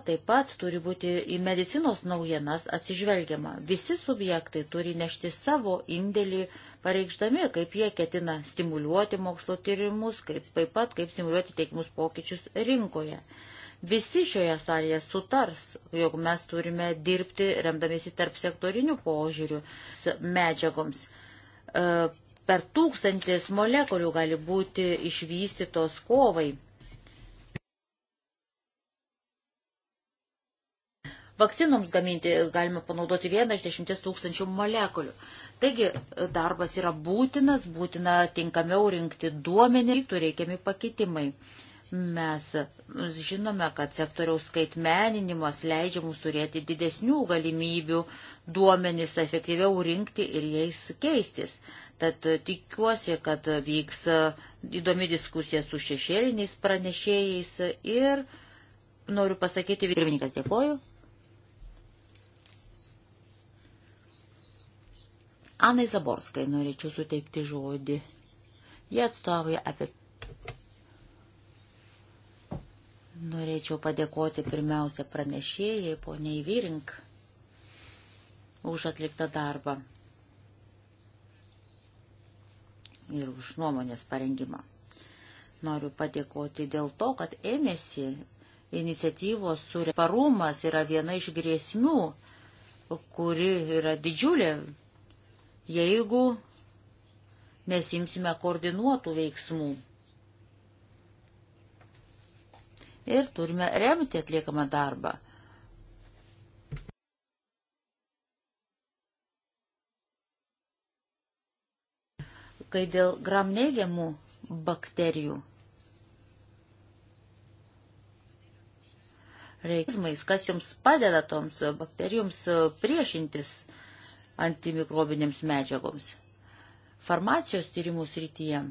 taip pat turi būti į medicinos naujienas atsižvelgiama. Visi subjektai turi nešti savo indėlį, pareikšdami, kaip jie ketina stimuliuoti mokslo tyrimus, kaip, taip pat kaip stimuliuoti teikimus pokyčius rinkoje. Visi šioje salėje sutars, jog mes turime dirbti remdamėsi tarp sektorinių požiūrių medžiagoms. E, per tūkstantis molekulių gali būti išvystytos kovai. Vakcinoms gaminti galima panaudoti vieną iš dešimties tūkstančių molekulių. Taigi darbas yra būtinas, būtina tinkamiau rinkti duomenį, reikiami pakitimai. Uh, Mes žinome, kad sektoriaus skaitmeninimas leidžia mums turėti didesnių galimybių duomenis efektyviau rinkti ir jais keistis. Tad tikiuosi, kad vyks įdomi diskusija su šešėliniais pranešėjais ir noriu pasakyti, pirmininkas dėkoju. Anai Zaborskai norėčiau suteikti žodį. Jie atstovauja apie Norėčiau padėkoti pirmiausia pranešėjai, poniai Vyrink, už atliktą darbą ir už nuomonės parengimą. Noriu padėkoti dėl to, kad ėmėsi iniciatyvos sureparumas yra viena iš grėsmių, kuri yra didžiulė, jeigu nesimsime koordinuotų veiksmų ir turime remti atliekamą darbą. Kai dėl gram neigiamų bakterijų reiksmais, kas jums padeda toms bakterijoms priešintis antimikrobinėms medžiagoms. Farmacijos tyrimų srityje